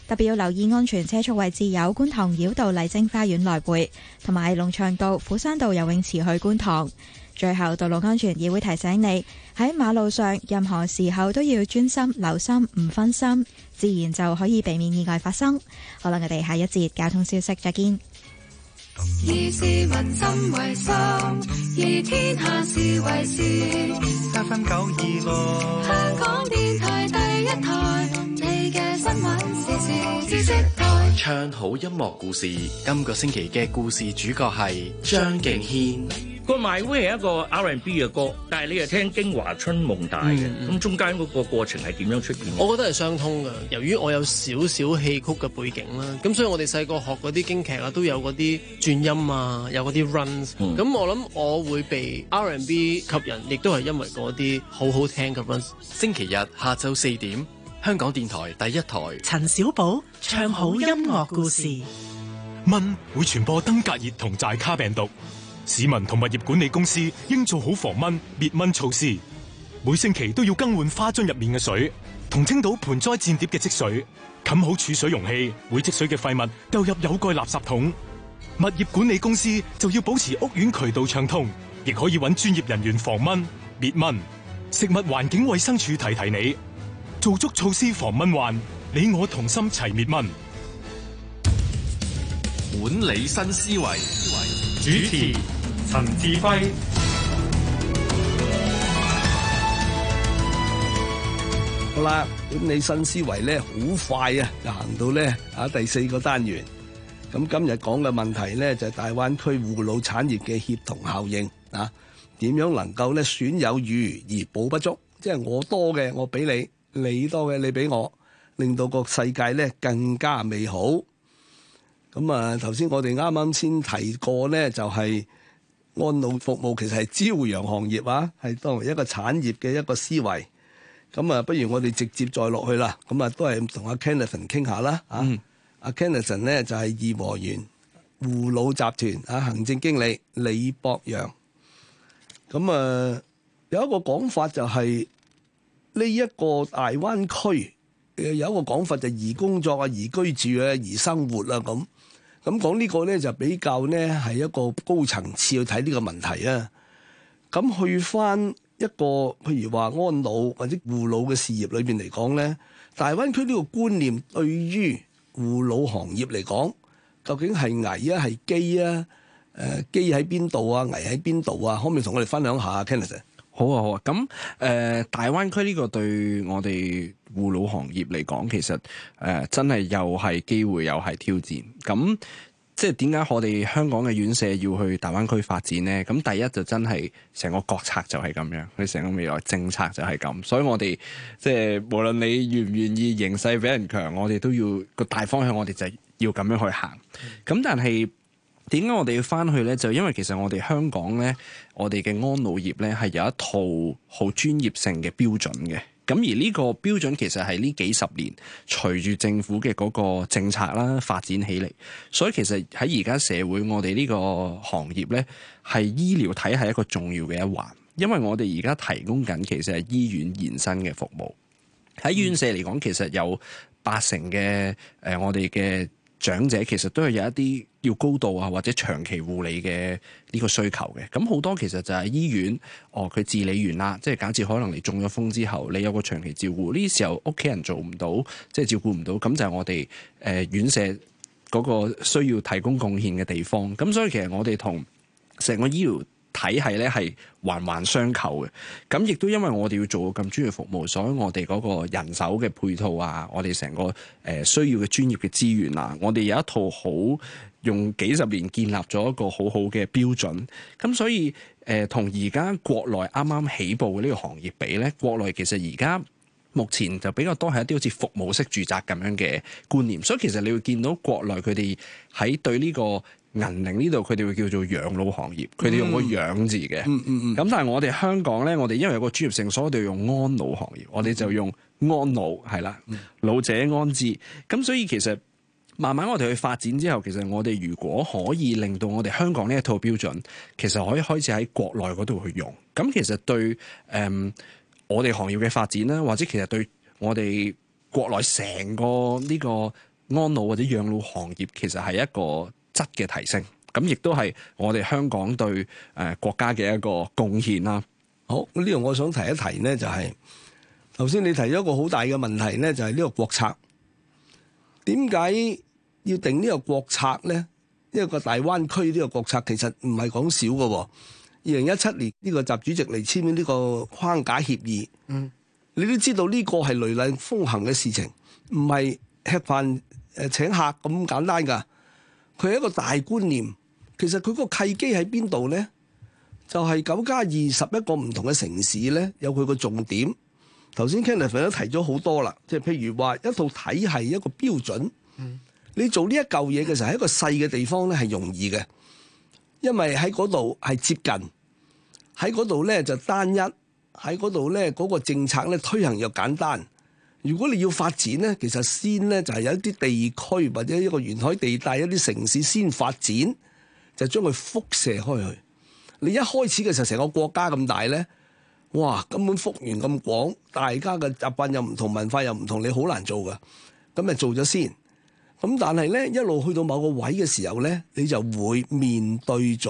特別要留意安全車速位置，有觀塘繞道麗晶花園來回，同埋龍翔道、斧山道游泳池去觀塘。最後，道路安全亦會提醒你喺馬路上，任何時候都要專心留心，唔分心，自然就可以避免意外發生。好啦，我哋下一節交通消息，再見。以市民心為心，以天下事為事。七分九二六，香港電台第一台。唱好音樂故事，今個星期嘅故事主角係張敬軒。個 My Way 係一個 R&B 嘅歌，但係你又聽京華春夢大嘅，咁、嗯、中間嗰個過程係點樣出現？我覺得係相通噶。由於我有少少戲曲嘅背景啦，咁所以我哋細個學嗰啲京劇啊，都有嗰啲轉音啊，有嗰啲 runs、嗯。咁我諗我會被 R&B 吸引，亦都係因為嗰啲好好聽嘅 runs。星期日下晝四點。香港電台第一台，陳小寶唱好音樂故事。蚊會傳播登革熱同寨卡病毒，市民同物業管理公司應做好防蚊滅蚊措施。每星期都要更換花樽入面嘅水，同清倒盆栽濺碟嘅積水，冚好儲水容器會積水嘅廢物，丟入有蓋垃圾桶。物業管理公司就要保持屋苑渠道暢通，亦可以揾專業人員防蚊滅蚊。食物環境衛生署提提你。做足措施防蚊患，你我同心齊滅蚊。管理新思維，主持陳志輝。好啦，管理新思維咧，好快啊，就行到咧啊。第四個單元，咁今日講嘅問題咧，就係大灣區護老產業嘅協同效應啊。點樣能夠咧，損有餘而補不足，即係我多嘅，我俾你。你多嘅你俾我，令到個世界咧更加美好。咁啊，頭先我哋啱啱先提過咧、就是，就係安老服務其實係朝陽行業啊，係當為一個產業嘅一個思維。咁啊，不如我哋直接再落去啦。咁啊，都係同阿 Kenneth 傾下啦。啊、mm，阿 Kenneth 咧就係頤和園護老集團啊行政經理李博洋。咁啊，有一個講法就係、是。呢一個大灣區有一個講法就宜工作啊，宜居住啊，宜生活啦咁。咁講呢個咧就比較咧係一個高層次去睇呢個問題啊。咁去翻一個譬如話安老或者護老嘅事業裏邊嚟講咧，大灣區呢個觀念對於護老行業嚟講，究竟係危啊係機啊？誒、呃，機喺邊度啊？危喺邊度啊？可唔可以同我哋分享下 Kenneth。好啊好啊，咁誒、啊呃，大灣區呢個對我哋護老行業嚟講，其實誒、呃、真係又係機會又係挑戰。咁即係點解我哋香港嘅院舍要去大灣區發展咧？咁第一就真係成個國策就係咁樣，佢成個未來政策就係咁。所以我哋即係無論你願唔願意形勢比人強，我哋都要個大方向，我哋就係要咁樣去行。咁但係。點解我哋要返去咧？就因為其實我哋香港咧，我哋嘅安老業咧係有一套好專業性嘅標準嘅。咁而呢個標準其實係呢幾十年隨住政府嘅嗰個政策啦發展起嚟。所以其實喺而家社會，我哋呢個行業咧係醫療體系一個重要嘅一環，因為我哋而家提供緊其實係醫院延伸嘅服務。喺院舍嚟講，其實有八成嘅誒、呃，我哋嘅。長者其實都係有一啲要高度啊，或者長期護理嘅呢個需求嘅。咁好多其實就係醫院，哦佢治理完啦，即係假設可能你中咗風之後，你有個長期照顧呢時候，屋企人做唔到，即係照顧唔到，咁就係我哋誒、呃、院舍嗰個需要提供貢獻嘅地方。咁所以其實我哋同成個醫療體系咧係環環相扣嘅，咁亦都因為我哋要做咁專業服務，所以我哋嗰個人手嘅配套啊，我哋成個誒需要嘅專業嘅資源啊，我哋有一套好用幾十年建立咗一個好好嘅標準。咁所以誒，同而家國內啱啱起步嘅呢個行業比咧，國內其實而家目前就比較多係一啲好似服務式住宅咁樣嘅觀念，所以其實你會見到國內佢哋喺對呢個，銀齡呢度，佢哋會叫做養老行業，佢哋用個養字嘅。咁、嗯嗯嗯、但係我哋香港咧，我哋因為有個專業性，所以我哋用安老行業，我哋就用安老，係啦，老者安置。咁所以其實慢慢我哋去發展之後，其實我哋如果可以令到我哋香港呢一套標準，其實可以開始喺國內嗰度去用。咁其實對誒、嗯，我哋行業嘅發展啦，或者其實對我哋國內成個呢個安老或者養老行業，其實係一個。質嘅提升，咁亦都係我哋香港對誒國家嘅一個貢獻啦。好，呢度我想提一提呢、就是，就係頭先你提咗一個好大嘅問題呢，就係呢個國策，點解要定呢個國策呢？因、這、呢個大灣區呢個國策其實唔係講少嘅。二零一七年呢、呢個習主席嚟簽呢個框架協議，嗯，你都知道呢個係雷厲風行嘅事情，唔係吃飯誒請客咁簡單噶。佢係一個大觀念，其實佢嗰個契機喺邊度呢？就係九加二，十一個唔同嘅城市呢，有佢個重點。頭先 Kenneth 都提咗好多啦，即係譬如話一套體系一個標準，你做呢一嚿嘢嘅時候喺一個細嘅地方呢係容易嘅，因為喺嗰度係接近，喺嗰度呢就單一，喺嗰度呢嗰個政策呢推行又簡單。如果你要發展咧，其實先咧就係有一啲地區或者一個沿海地帶，一啲城市先發展，就將佢輻射開去。你一開始嘅時候，成個國家咁大咧，哇，根本幅員咁廣，大家嘅習慣又唔同，文化又唔同，你好難做噶。咁咪做咗先。咁但係咧，一路去到某個位嘅時候咧，你就會面對咗，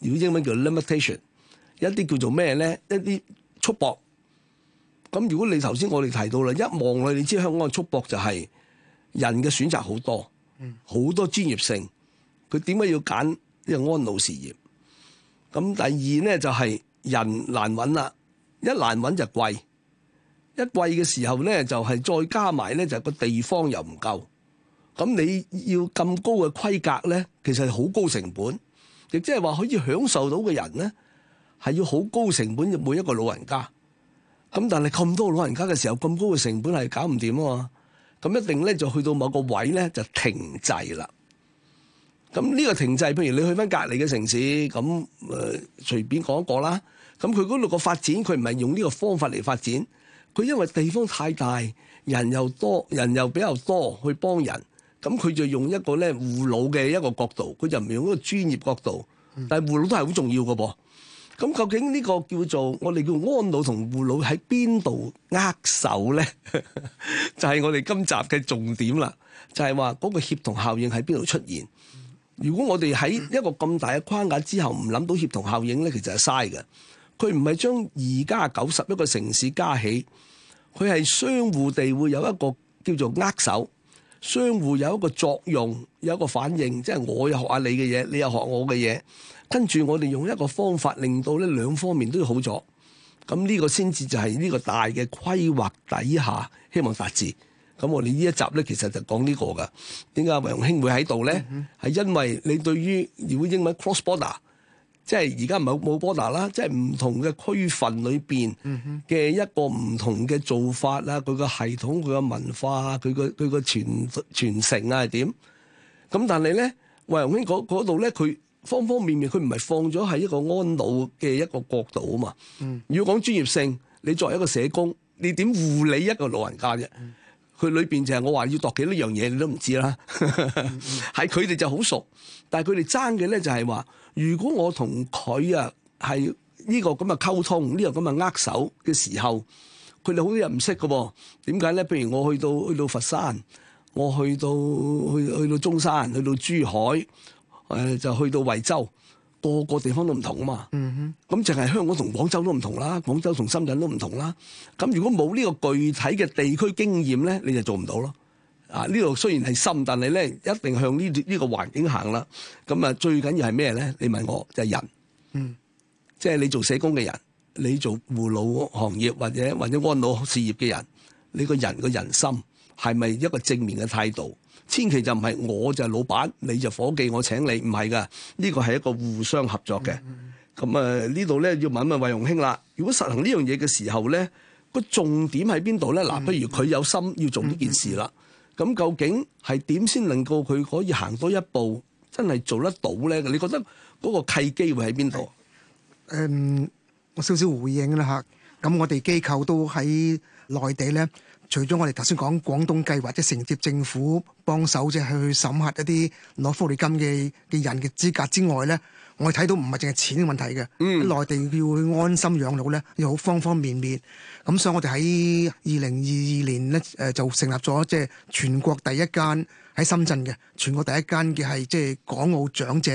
如果英文叫 limitation，一啲叫做咩咧，一啲束縛。咁如果你頭先我哋提到啦，一望落你知香港嘅束縛就係人嘅選擇好多，好多專業性，佢點解要揀呢個安老事業？咁第二咧就係、是、人難揾啦，一難揾就貴，一貴嘅時候咧就係、是、再加埋咧就個、是、地方又唔夠，咁你要咁高嘅規格咧，其實好高成本，亦即係話可以享受到嘅人咧，係要好高成本嘅每一個老人家。咁但係咁多老人家嘅時候，咁高嘅成本係搞唔掂啊嘛，咁一定咧就去到某個位咧就停滯啦。咁呢個停滯，譬如你去翻隔離嘅城市，咁誒、呃、隨便講一個啦。咁佢嗰度個發展，佢唔係用呢個方法嚟發展，佢因為地方太大，人又多人又比較多，去幫人，咁佢就用一個咧護老嘅一個角度，佢就唔係用一個專業角度，但係護老都係好重要㗎噃。咁究竟呢個叫做我哋叫安老同護老喺邊度握手呢？ 就係我哋今集嘅重點啦。就係話嗰個協同效應喺邊度出現？如果我哋喺一個咁大嘅框架之後唔諗到協同效應呢，其實係嘥嘅。佢唔係將而家九十一個城市加起，佢係相互地會有一個叫做握手，相互有一個作用，有一個反應，即係我又學下你嘅嘢，你又學我嘅嘢。跟住我哋用一個方法，令到咧兩方面都好咗。咁、這、呢個先至就係呢個大嘅規劃底下，希望達至。咁我哋呢一集咧，其實就講呢個噶。點解惠雄兄會喺度咧？係因為你對於如果英文 cross border，即係而家唔係冇 border 啦，即係唔同嘅區份裏邊嘅一個唔同嘅做法啦，佢個系統、佢個文化、佢個佢個傳傳承啊，係點？咁但係咧，惠雄兄嗰度咧，佢。方方面面，佢唔係放咗喺一個安老嘅一個角度啊嘛。嗯。要講專業性，你作為一個社工，你點護理一個老人家啫？佢裏邊就係我話要度幾多樣嘢，你都唔知啦。係佢哋就好熟，但係佢哋爭嘅咧就係話，如果我同佢啊係呢個咁嘅溝通，呢個咁嘅握手嘅時候，佢哋好多人唔識嘅喎。點解咧？譬如我去到去到佛山，我去到去去到中山，去到珠海。誒就去到惠州，個個地方都唔同啊嘛。嗯哼。咁淨係香港同廣州都唔同啦，廣州同深圳都唔同啦。咁如果冇呢個具體嘅地區經驗咧，你就做唔到咯。啊，呢度雖然係深，但係咧一定向呢呢個環境行啦。咁啊，最緊要係咩咧？你問我，就係人。嗯。即係你做社工嘅人，你做護老行業或者或者安老事業嘅人，你個人嘅人心係咪一個正面嘅態度？千祈就唔係我就係老闆，你就夥計，我請你，唔係噶。呢個係一個互相合作嘅。咁啊、嗯嗯，呢度咧要問問惠雄兄啦。如果實行呢樣嘢嘅時候咧，個重點喺邊度咧？嗱，不如佢有心要做呢件事啦。咁、嗯嗯、究竟係點先能夠佢可以行多一步，真係做得到咧？你覺得嗰個契機會喺邊度？誒、嗯，我少少回應啦吓，咁我哋機構都喺內地咧。除咗我哋頭先講廣東計劃，即係承接政府幫手，即係去審核一啲攞福利金嘅嘅人嘅資格之外咧，我哋睇到唔係淨係錢嘅問題嘅，嗯、內地要去安心養老咧，要好方方面面。咁所以我，我哋喺二零二二年咧，誒就成立咗即係全國第一間喺深圳嘅全國第一間嘅係即係港澳長者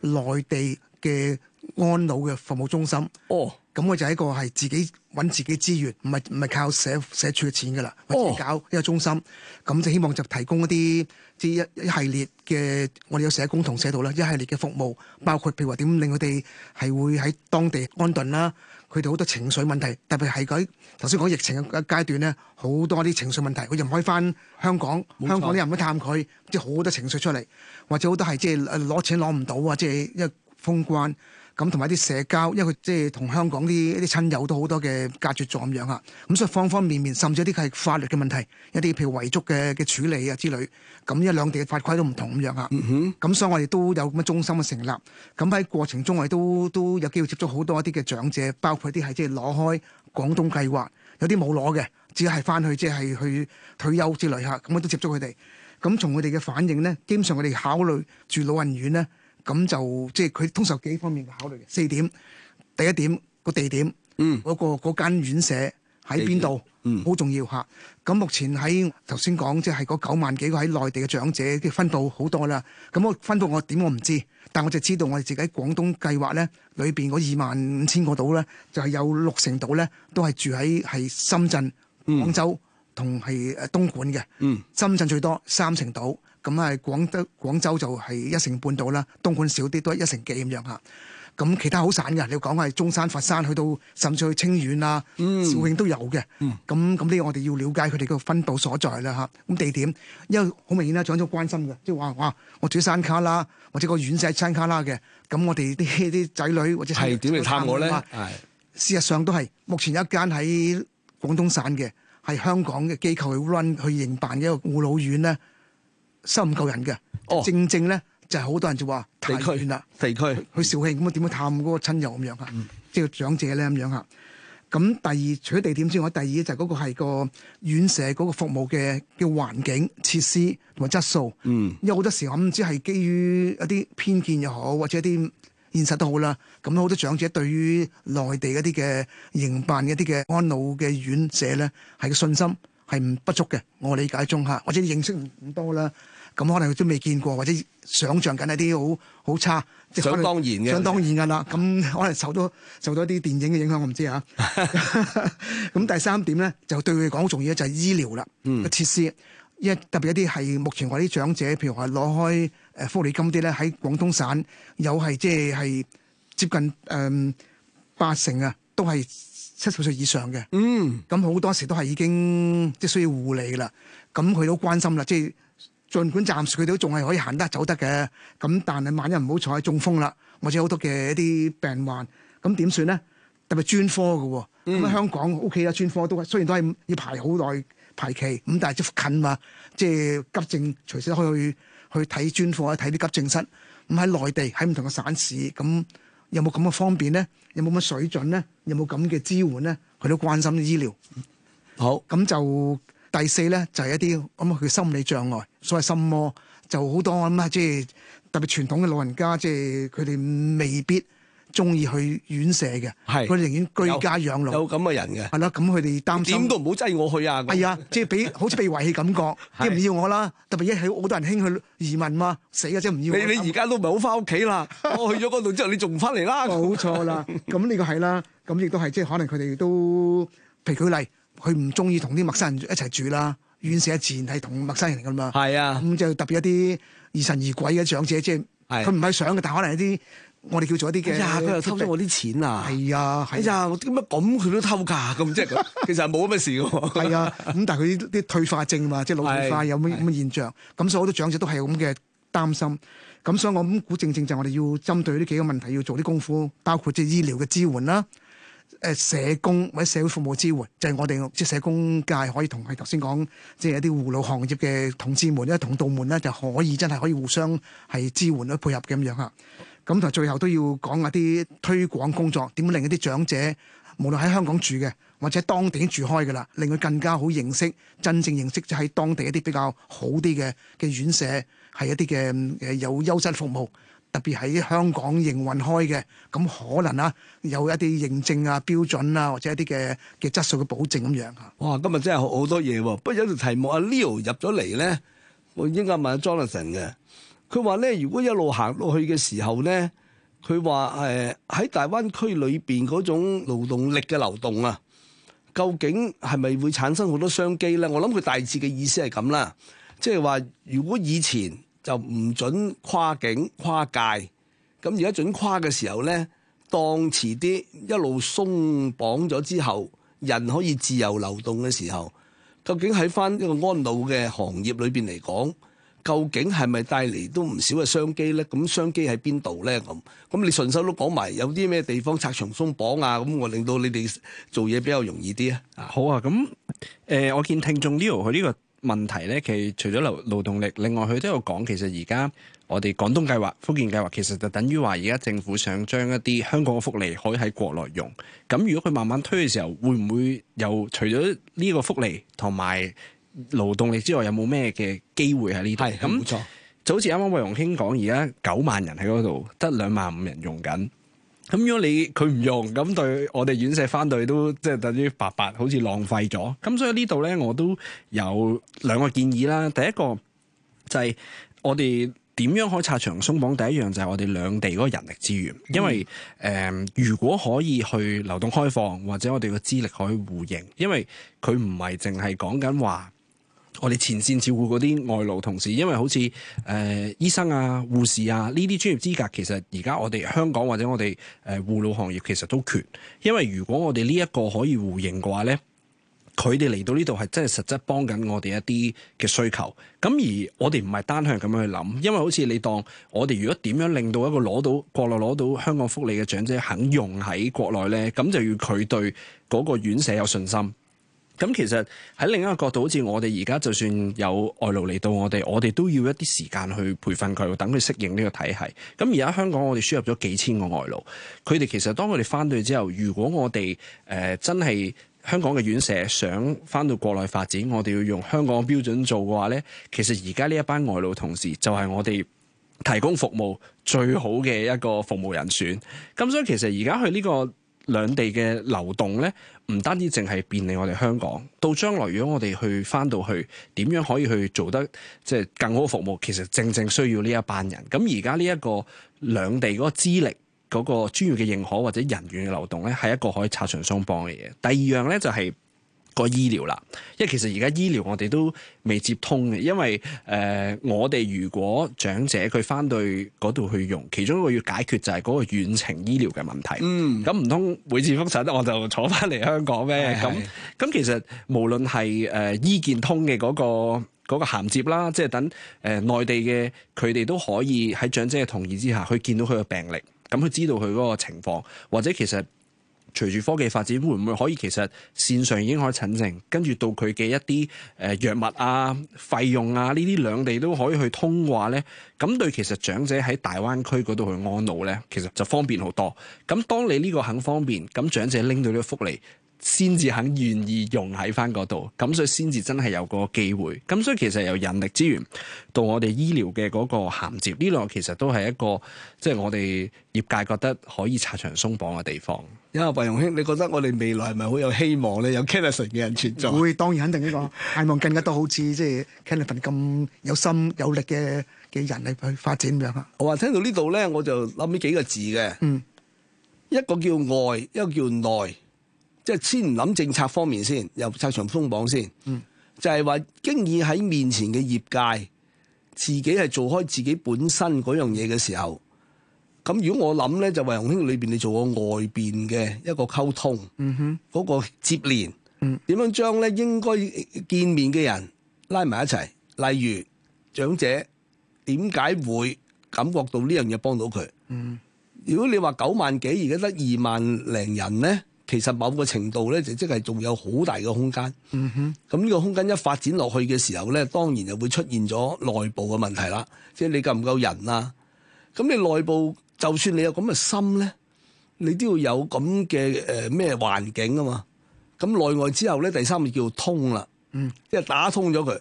內地嘅安老嘅服務中心。哦。咁佢就係一個係自己揾自己資源，唔係唔係靠社社署嘅錢㗎啦，自己搞一個中心。咁就希望就提供一啲一一系列嘅我哋有社工同社度啦，一系列嘅服務，包括譬如話點令佢哋係會喺當地安頓啦。佢哋好多情緒問題，特別係佢頭先講疫情嘅階段咧，好多啲情緒問題，佢又唔可以翻香港，冇錯。香港啲人唔可以探佢，即係好多情緒出嚟，或者好多係即係攞錢攞唔到啊，即係因為封關。咁同埋啲社交，因為佢即係同香港啲一啲親友都好多嘅隔絕咗咁樣啊，咁所以方方面面，甚至啲係法律嘅問題，一啲譬如遺囑嘅嘅處理啊之類，咁因為兩地嘅法規都唔同咁樣啊，咁所以我哋都有咁嘅中心嘅成立，咁喺過程中我哋都都有機會接觸好多一啲嘅長者，包括一啲係即係攞開廣東計劃，有啲冇攞嘅，只係翻去即係去退休之類吓，咁我都接觸佢哋，咁從佢哋嘅反應咧，基本上佢哋考慮住老人院咧。咁就即係佢通常幾方面嘅考慮嘅，四點。第一點個地點，嗰、嗯、那個嗰間院舍喺邊度，好點重要嚇。咁、嗯、目前喺頭先講，即係嗰九萬幾個喺內地嘅長者，啲分佈好多啦。咁我分佈我點我唔知，但我就知道我哋自己喺廣東計劃咧，裏邊嗰二萬五千個島咧，就係、係、有六成島咧都係住喺係深圳、廣州同係誒東莞嘅。嗯嗯、深圳最多三成島。咁係廣德廣州就係一成半到啦，東莞少啲，都係一成幾咁樣嚇。咁其他好散嘅，你講係中山、佛山，去到甚至去清遠啦、肇慶、嗯、都有嘅。咁咁呢，個我哋要了解佢哋個分佈所在啦嚇。咁地點，因為好明顯啦，長咗關心嘅，即係話哇，我住山卡啦，或者個院舍喺山卡拉嘅，咁我哋啲啲仔女或者係點嚟探我咧？的事實上都係目前有一間喺廣東省嘅，係香港嘅機構去 run 去營辦一個護老院咧。收唔夠人嘅，哦、正正咧就係、是、好多人就話地區太遠啦。肥區去肇慶咁啊，點樣探嗰個親友咁、嗯、樣啊？即係長者咧咁樣嚇。咁第二除咗地點之外，第二就係嗰個係個院舍嗰個服務嘅嘅環境、設施同埋質素。嗯。因為好多時我唔知係基於一啲偏見又好，或者一啲現實都好啦。咁好多長者對於內地嗰啲嘅營辦一啲嘅安老嘅院舍咧係個信心。係唔不足嘅，我理解中嚇，或者認識唔多啦，咁可能佢都未見過，或者想像緊一啲好好差，即係想當然嘅，想當然㗎啦，咁可能受到受到一啲電影嘅影響，我唔知嚇、啊。咁 第三點咧，就對佢講好重要咧，就係、是、醫療啦，個設施，一、嗯、特別一啲係目前話啲長者，譬如話攞開誒福利金啲咧，喺廣東省有係即係係接近誒、嗯、八成啊，都係。七十歲以上嘅，嗯，咁好多時都係已經即係需要護理啦。咁佢都關心啦，即係儘管暫時佢都仲係可以行得走得嘅。咁但係萬一唔好坐喺中風啦，或者好多嘅一啲病患，咁點算咧？特別專科嘅喎，咁，嗯，香港 OK 啦，專科都雖然都係要排好耐排期，咁但係即近嘛，即係急症隨時都可以去去睇專科啊，睇啲急症室。咁喺內地喺唔同嘅省市，咁有冇咁嘅方便咧？有冇乜水準咧？有冇咁嘅支援咧？佢都關心醫療。好，咁就第四咧，就係一啲咁啊，佢心理障礙，所謂心魔就好多。咁啊，即係特別傳統嘅老人家，即係佢哋未必。中意去院舍嘅，佢是寧願居家養老。有咁嘅人嘅。係啦，咁佢哋擔心。點都唔好擠我去啊！係啊，即係俾好似被遺棄感覺，即唔 的要我啦。特別一起好多人興去移民嘛，死嘅啫，唔、即係、要我你。你你而家都唔係好翻屋企啦， 我去咗嗰度之後，你仲唔翻嚟啦？冇錯啦，咁呢 個係啦，咁亦都係即係可能佢哋都，譬如舉例，佢唔中意同啲陌生人一齊住啦，院舍自然係同陌生人㗎嘛。係啊，咁就特別一啲疑神疑鬼嘅長者，即係佢唔係想嘅，但可能一啲。我哋叫做一啲嘅，佢、哎、又偷咗我啲錢啊！係啊，哎呀，咁點解咁佢都偷噶，咁即係其實冇乜事嘅。係 啊。咁但係佢啲退化症啊，即、就、係、是、老化有乜乜的現象，咁的所以好多長者都係有咁嘅擔心。咁所以我咁估正正就我哋要針對呢幾個問題要做啲功夫，包括即係醫療嘅支援啦，誒社工或者社會服務支援，就係、是、我哋即係社工界可以同係頭先講，即、就、係、是、一啲護老行業嘅同志們咧，同道們咧就可以真係可以互相係支援咧配合嘅咁樣嚇。咁就最後都要講一啲推廣工作，點樣令一啲長者，無論喺香港住嘅或者當地已經住開嘅啦，令佢更加好認識，真正認識就係當地一啲比較好啲嘅嘅院舍，係一啲嘅誒有優質服務，特別喺香港營運開嘅，咁可能啦有一啲認證啊標準啊，或者一啲嘅嘅質素嘅保證咁樣嚇。哇！今日真係好多嘢喎，不過有條題目啊，Leo 入咗嚟咧，我應該問 Jonathan 嘅。佢話咧，如果一路行落去嘅時候咧，佢話誒喺大灣區裏邊嗰種勞動力嘅流動啊，究竟係咪會產生好多商機咧？我諗佢大致嘅意思係咁啦，即係話如果以前就唔準跨境跨界，咁而家準跨嘅時候咧，當遲啲一,一路鬆綁咗之後，人可以自由流動嘅時候，究竟喺返一個安老嘅行業裏邊嚟講，究竟係咪帶嚟都唔少嘅商機呢？咁商機喺邊度呢？咁咁你順手都講埋有啲咩地方拆牆鬆綁啊？咁我令到你哋做嘢比較容易啲啊！好啊，咁、呃、我見聽眾 Leo 佢呢個問題呢，其實除咗勞勞動力，另外佢都有講，其實而家我哋廣東計劃、福建計劃，其實就等於話而家政府想將一啲香港嘅福利可以喺國內用。咁如果佢慢慢推嘅時候，會唔會又除咗呢個福利同埋？勞動力之外有冇咩嘅機會喺呢度？係咁，冇錯。就好似啱啱惠雄兄講，而家九萬人喺嗰度，得兩萬五人用緊。咁如果你佢唔用，咁對我哋院舍翻隊都即係等於白白好似浪費咗。咁所以呢度咧，我都有兩個建議啦。第一個就係我哋點樣可以拆牆鬆綁？第一樣就係我哋兩地嗰個人力資源，因為誒、嗯呃，如果可以去流動開放，或者我哋個資歷可以互認，因為佢唔係淨係講緊話。我哋前線照顧嗰啲外勞同事，因為好似誒、呃、醫生啊、護士啊呢啲專業資格，其實而家我哋香港或者我哋誒護老行業其實都缺，因為如果我哋呢一個可以互認嘅話咧，佢哋嚟到呢度係真係實質幫緊我哋一啲嘅需求。咁而我哋唔係單向咁樣去諗，因為好似你當我哋如果點樣令到一個攞到國內攞到香港福利嘅長者肯用喺國內咧，咁就要佢對嗰個院舍有信心。咁其實喺另一個角度，好似我哋而家就算有外勞嚟到我哋，我哋都要一啲時間去培訓佢，等佢適應呢個體系。咁而家香港我哋輸入咗幾千個外勞，佢哋其實當佢哋翻到去之後，如果我哋誒、呃、真係香港嘅院舍想翻到國內發展，我哋要用香港標準做嘅話咧，其實而家呢一班外勞同事就係我哋提供服務最好嘅一個服務人選。咁所以其實而家去呢個。兩地嘅流動咧，唔單止淨係便利我哋香港。到將來如果我哋去翻到去，點樣可以去做得即係更好服務？其實正正需要呢一班人。咁而家呢一個兩地嗰個資歷、嗰個專業嘅認可或者人員嘅流動咧，係一個可以拆牆鬆綁嘅嘢。第二樣咧就係、是。個醫療啦，因為其實而家醫療我哋都未接通嘅，因為誒、呃、我哋如果長者佢翻到嗰度去用，其中一個要解決就係嗰個遠程醫療嘅問題。嗯，咁唔通每次複診得我就坐翻嚟香港咩？咁咁的其實無論係誒、呃、醫健通嘅嗰、那個嗰、那個銜接啦，即、就、係、是、等誒、呃、內地嘅佢哋都可以喺長者嘅同意之下去見到佢嘅病歷，咁佢知道佢嗰個情況，或者其實。隨住科技發展，會唔會可以其實線上已經可以診症，跟住到佢嘅一啲誒藥物啊、費用啊呢啲兩地都可以去通話呢？咁對其實長者喺大灣區嗰度去安老呢，其實就方便好多。咁當你呢個肯方便，咁長者拎到呢個福利。先至肯願意用喺翻嗰度，咁所以先至真係有個機會。咁所以其實由人力資源到我哋醫療嘅嗰個銜接，呢兩個其實都係一個即係、就是、我哋業界覺得可以拆牆鬆綁嘅地方。因為、嗯、惠雄兄，你覺得我哋未來係咪好有希望咧？有 Kenneth 嘅人存在？會當然肯定呢個，希 望更加多好似即係 Kenneth 咁有心有力嘅嘅人嚟去發展咁樣啊。我話聽到呢度咧，我就諗起幾個字嘅，嗯、一個叫外，一個叫內。即係先唔諗政策方面先，又拆牆鬆綁先，嗯、就係話經已喺面前嘅業界，自己係做開自己本身嗰樣嘢嘅時候，咁如果我諗咧，就惠雄兄裏邊你做個外邊嘅一個溝通，嗰、嗯、哼個接連點樣將咧應該見面嘅人拉埋一齊，例如長者點解會感覺到呢樣嘢幫到佢？嗯、如果你話九萬幾，而家得二萬零人咧？其實某個程度咧，就即係仲有好大嘅空間。嗯哼、咁呢個空間一發展落去嘅時候咧，當然就會出現咗內部嘅問題啦。即係你夠唔夠人啊？咁你內部就算你有咁嘅心咧，你都要有咁嘅誒咩環境啊嘛。咁內外之後咧，第三個叫做通啦，嗯、即係打通咗佢。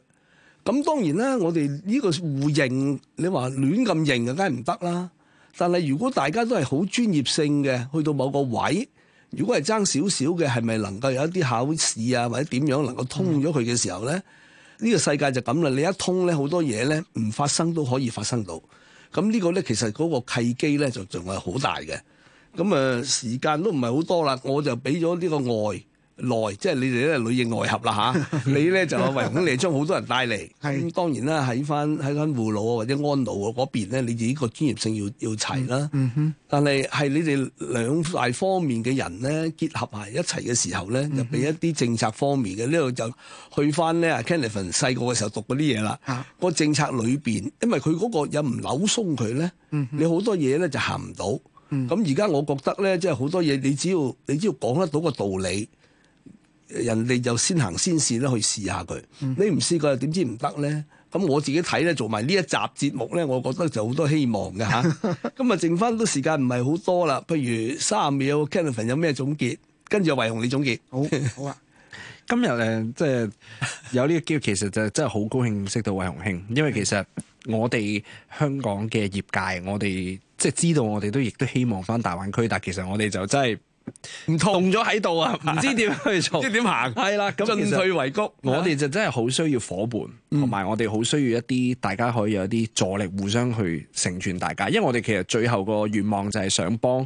咁當然啦，我哋呢個互認，你話亂咁認嘅梗係唔得啦。但係如果大家都係好專業性嘅，去到某個位。如果係爭少少嘅，係咪能夠有一啲考試啊，或者點樣能夠通咗佢嘅時候咧？呢、呢個世界就咁啦。你一通咧，好多嘢咧唔發生都可以發生到。咁呢個咧其實嗰個契機咧就仲係好大嘅。咁誒、呃、時間都唔係好多啦，我就俾咗呢個愛。內即係你哋都係，裏應外合啦嚇、啊。你咧就啊，維你係將好多人帶嚟。係咁 的，當然啦，喺翻喺翻護老啊或者安老啊嗰邊咧，你依個專業性要要齊啦。嗯、哼但係係你哋兩大方面嘅人咧，結合埋一齊嘅時候咧，就俾一啲政策方面嘅呢度就去翻咧。Kenny 細個嘅時候讀嗰啲嘢啦。嚇。個政策裏邊，因為佢嗰個又唔扭鬆佢咧。嗯、哼你好多嘢咧就行唔到。嗯。咁而家我覺得咧，即係好多嘢，你只要你只要講得到個道理。人哋就先行先試啦，去試下佢。嗯、你唔試過又點知唔得咧？咁我自己睇咧，做埋呢一集節目咧，我覺得就好多希望嘅吓。咁啊，剩翻都時間唔係好多啦。譬如卅秒，Kevin 有咩總結？跟住阿惠雄你總結。好好啊！ 今日誒，即係有呢個機會，其實就真係好高興識到惠雄兄，因為其實我哋香港嘅業界，我哋即係知道，我哋都亦都希望翻大灣區，但其實我哋就真係。唔同咗喺度啊！唔吧知點去做，即係點行係啦。進退維谷，我哋就真係好需要夥伴，同埋吧我哋好需要一啲，大家可以有一啲助力，互相去成全大家。因為我哋其實最後個願望就係想幫。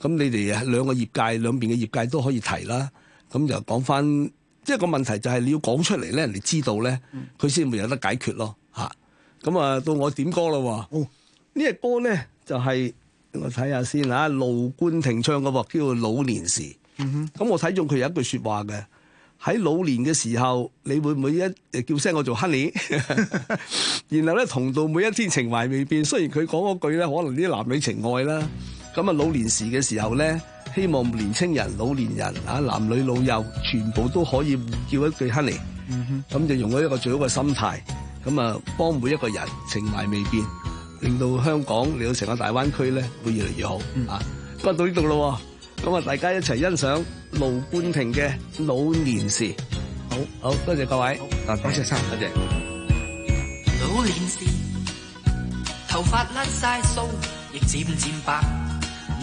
咁你哋兩個業界兩邊嘅業界都可以提啦，咁就講翻，即係個問題就係你要講出嚟咧，人哋知道咧，佢先會有得解決咯嚇。咁啊，到我點歌啦喎。哦、呢隻歌咧就係、是、我睇下先嚇，盧冠廷唱嘅喎，叫做《老年時》嗯哼。咁我睇中佢有一句説話嘅，喺老年嘅時候，你會唔會一叫聲我做 honey？ 然後咧，同道每一天情懷未變，雖然佢講嗰句咧，可能啲男女情愛啦。咁啊，老年時嘅時候咧，希望年青人、老年人啊，男女老幼全部都可以叫一句 Honey，咁、嗯、哼就用咗一個最好嘅心態，咁啊幫每一個人情懷未變，令到香港、令到成個大灣區咧會越嚟越好啊！不過、嗯、到呢度咯，咁啊大家一齊欣賞盧冠廷嘅老年時，好好多謝各位，啊多謝生，多謝。老年時，頭髮甩晒鬚，亦漸漸白。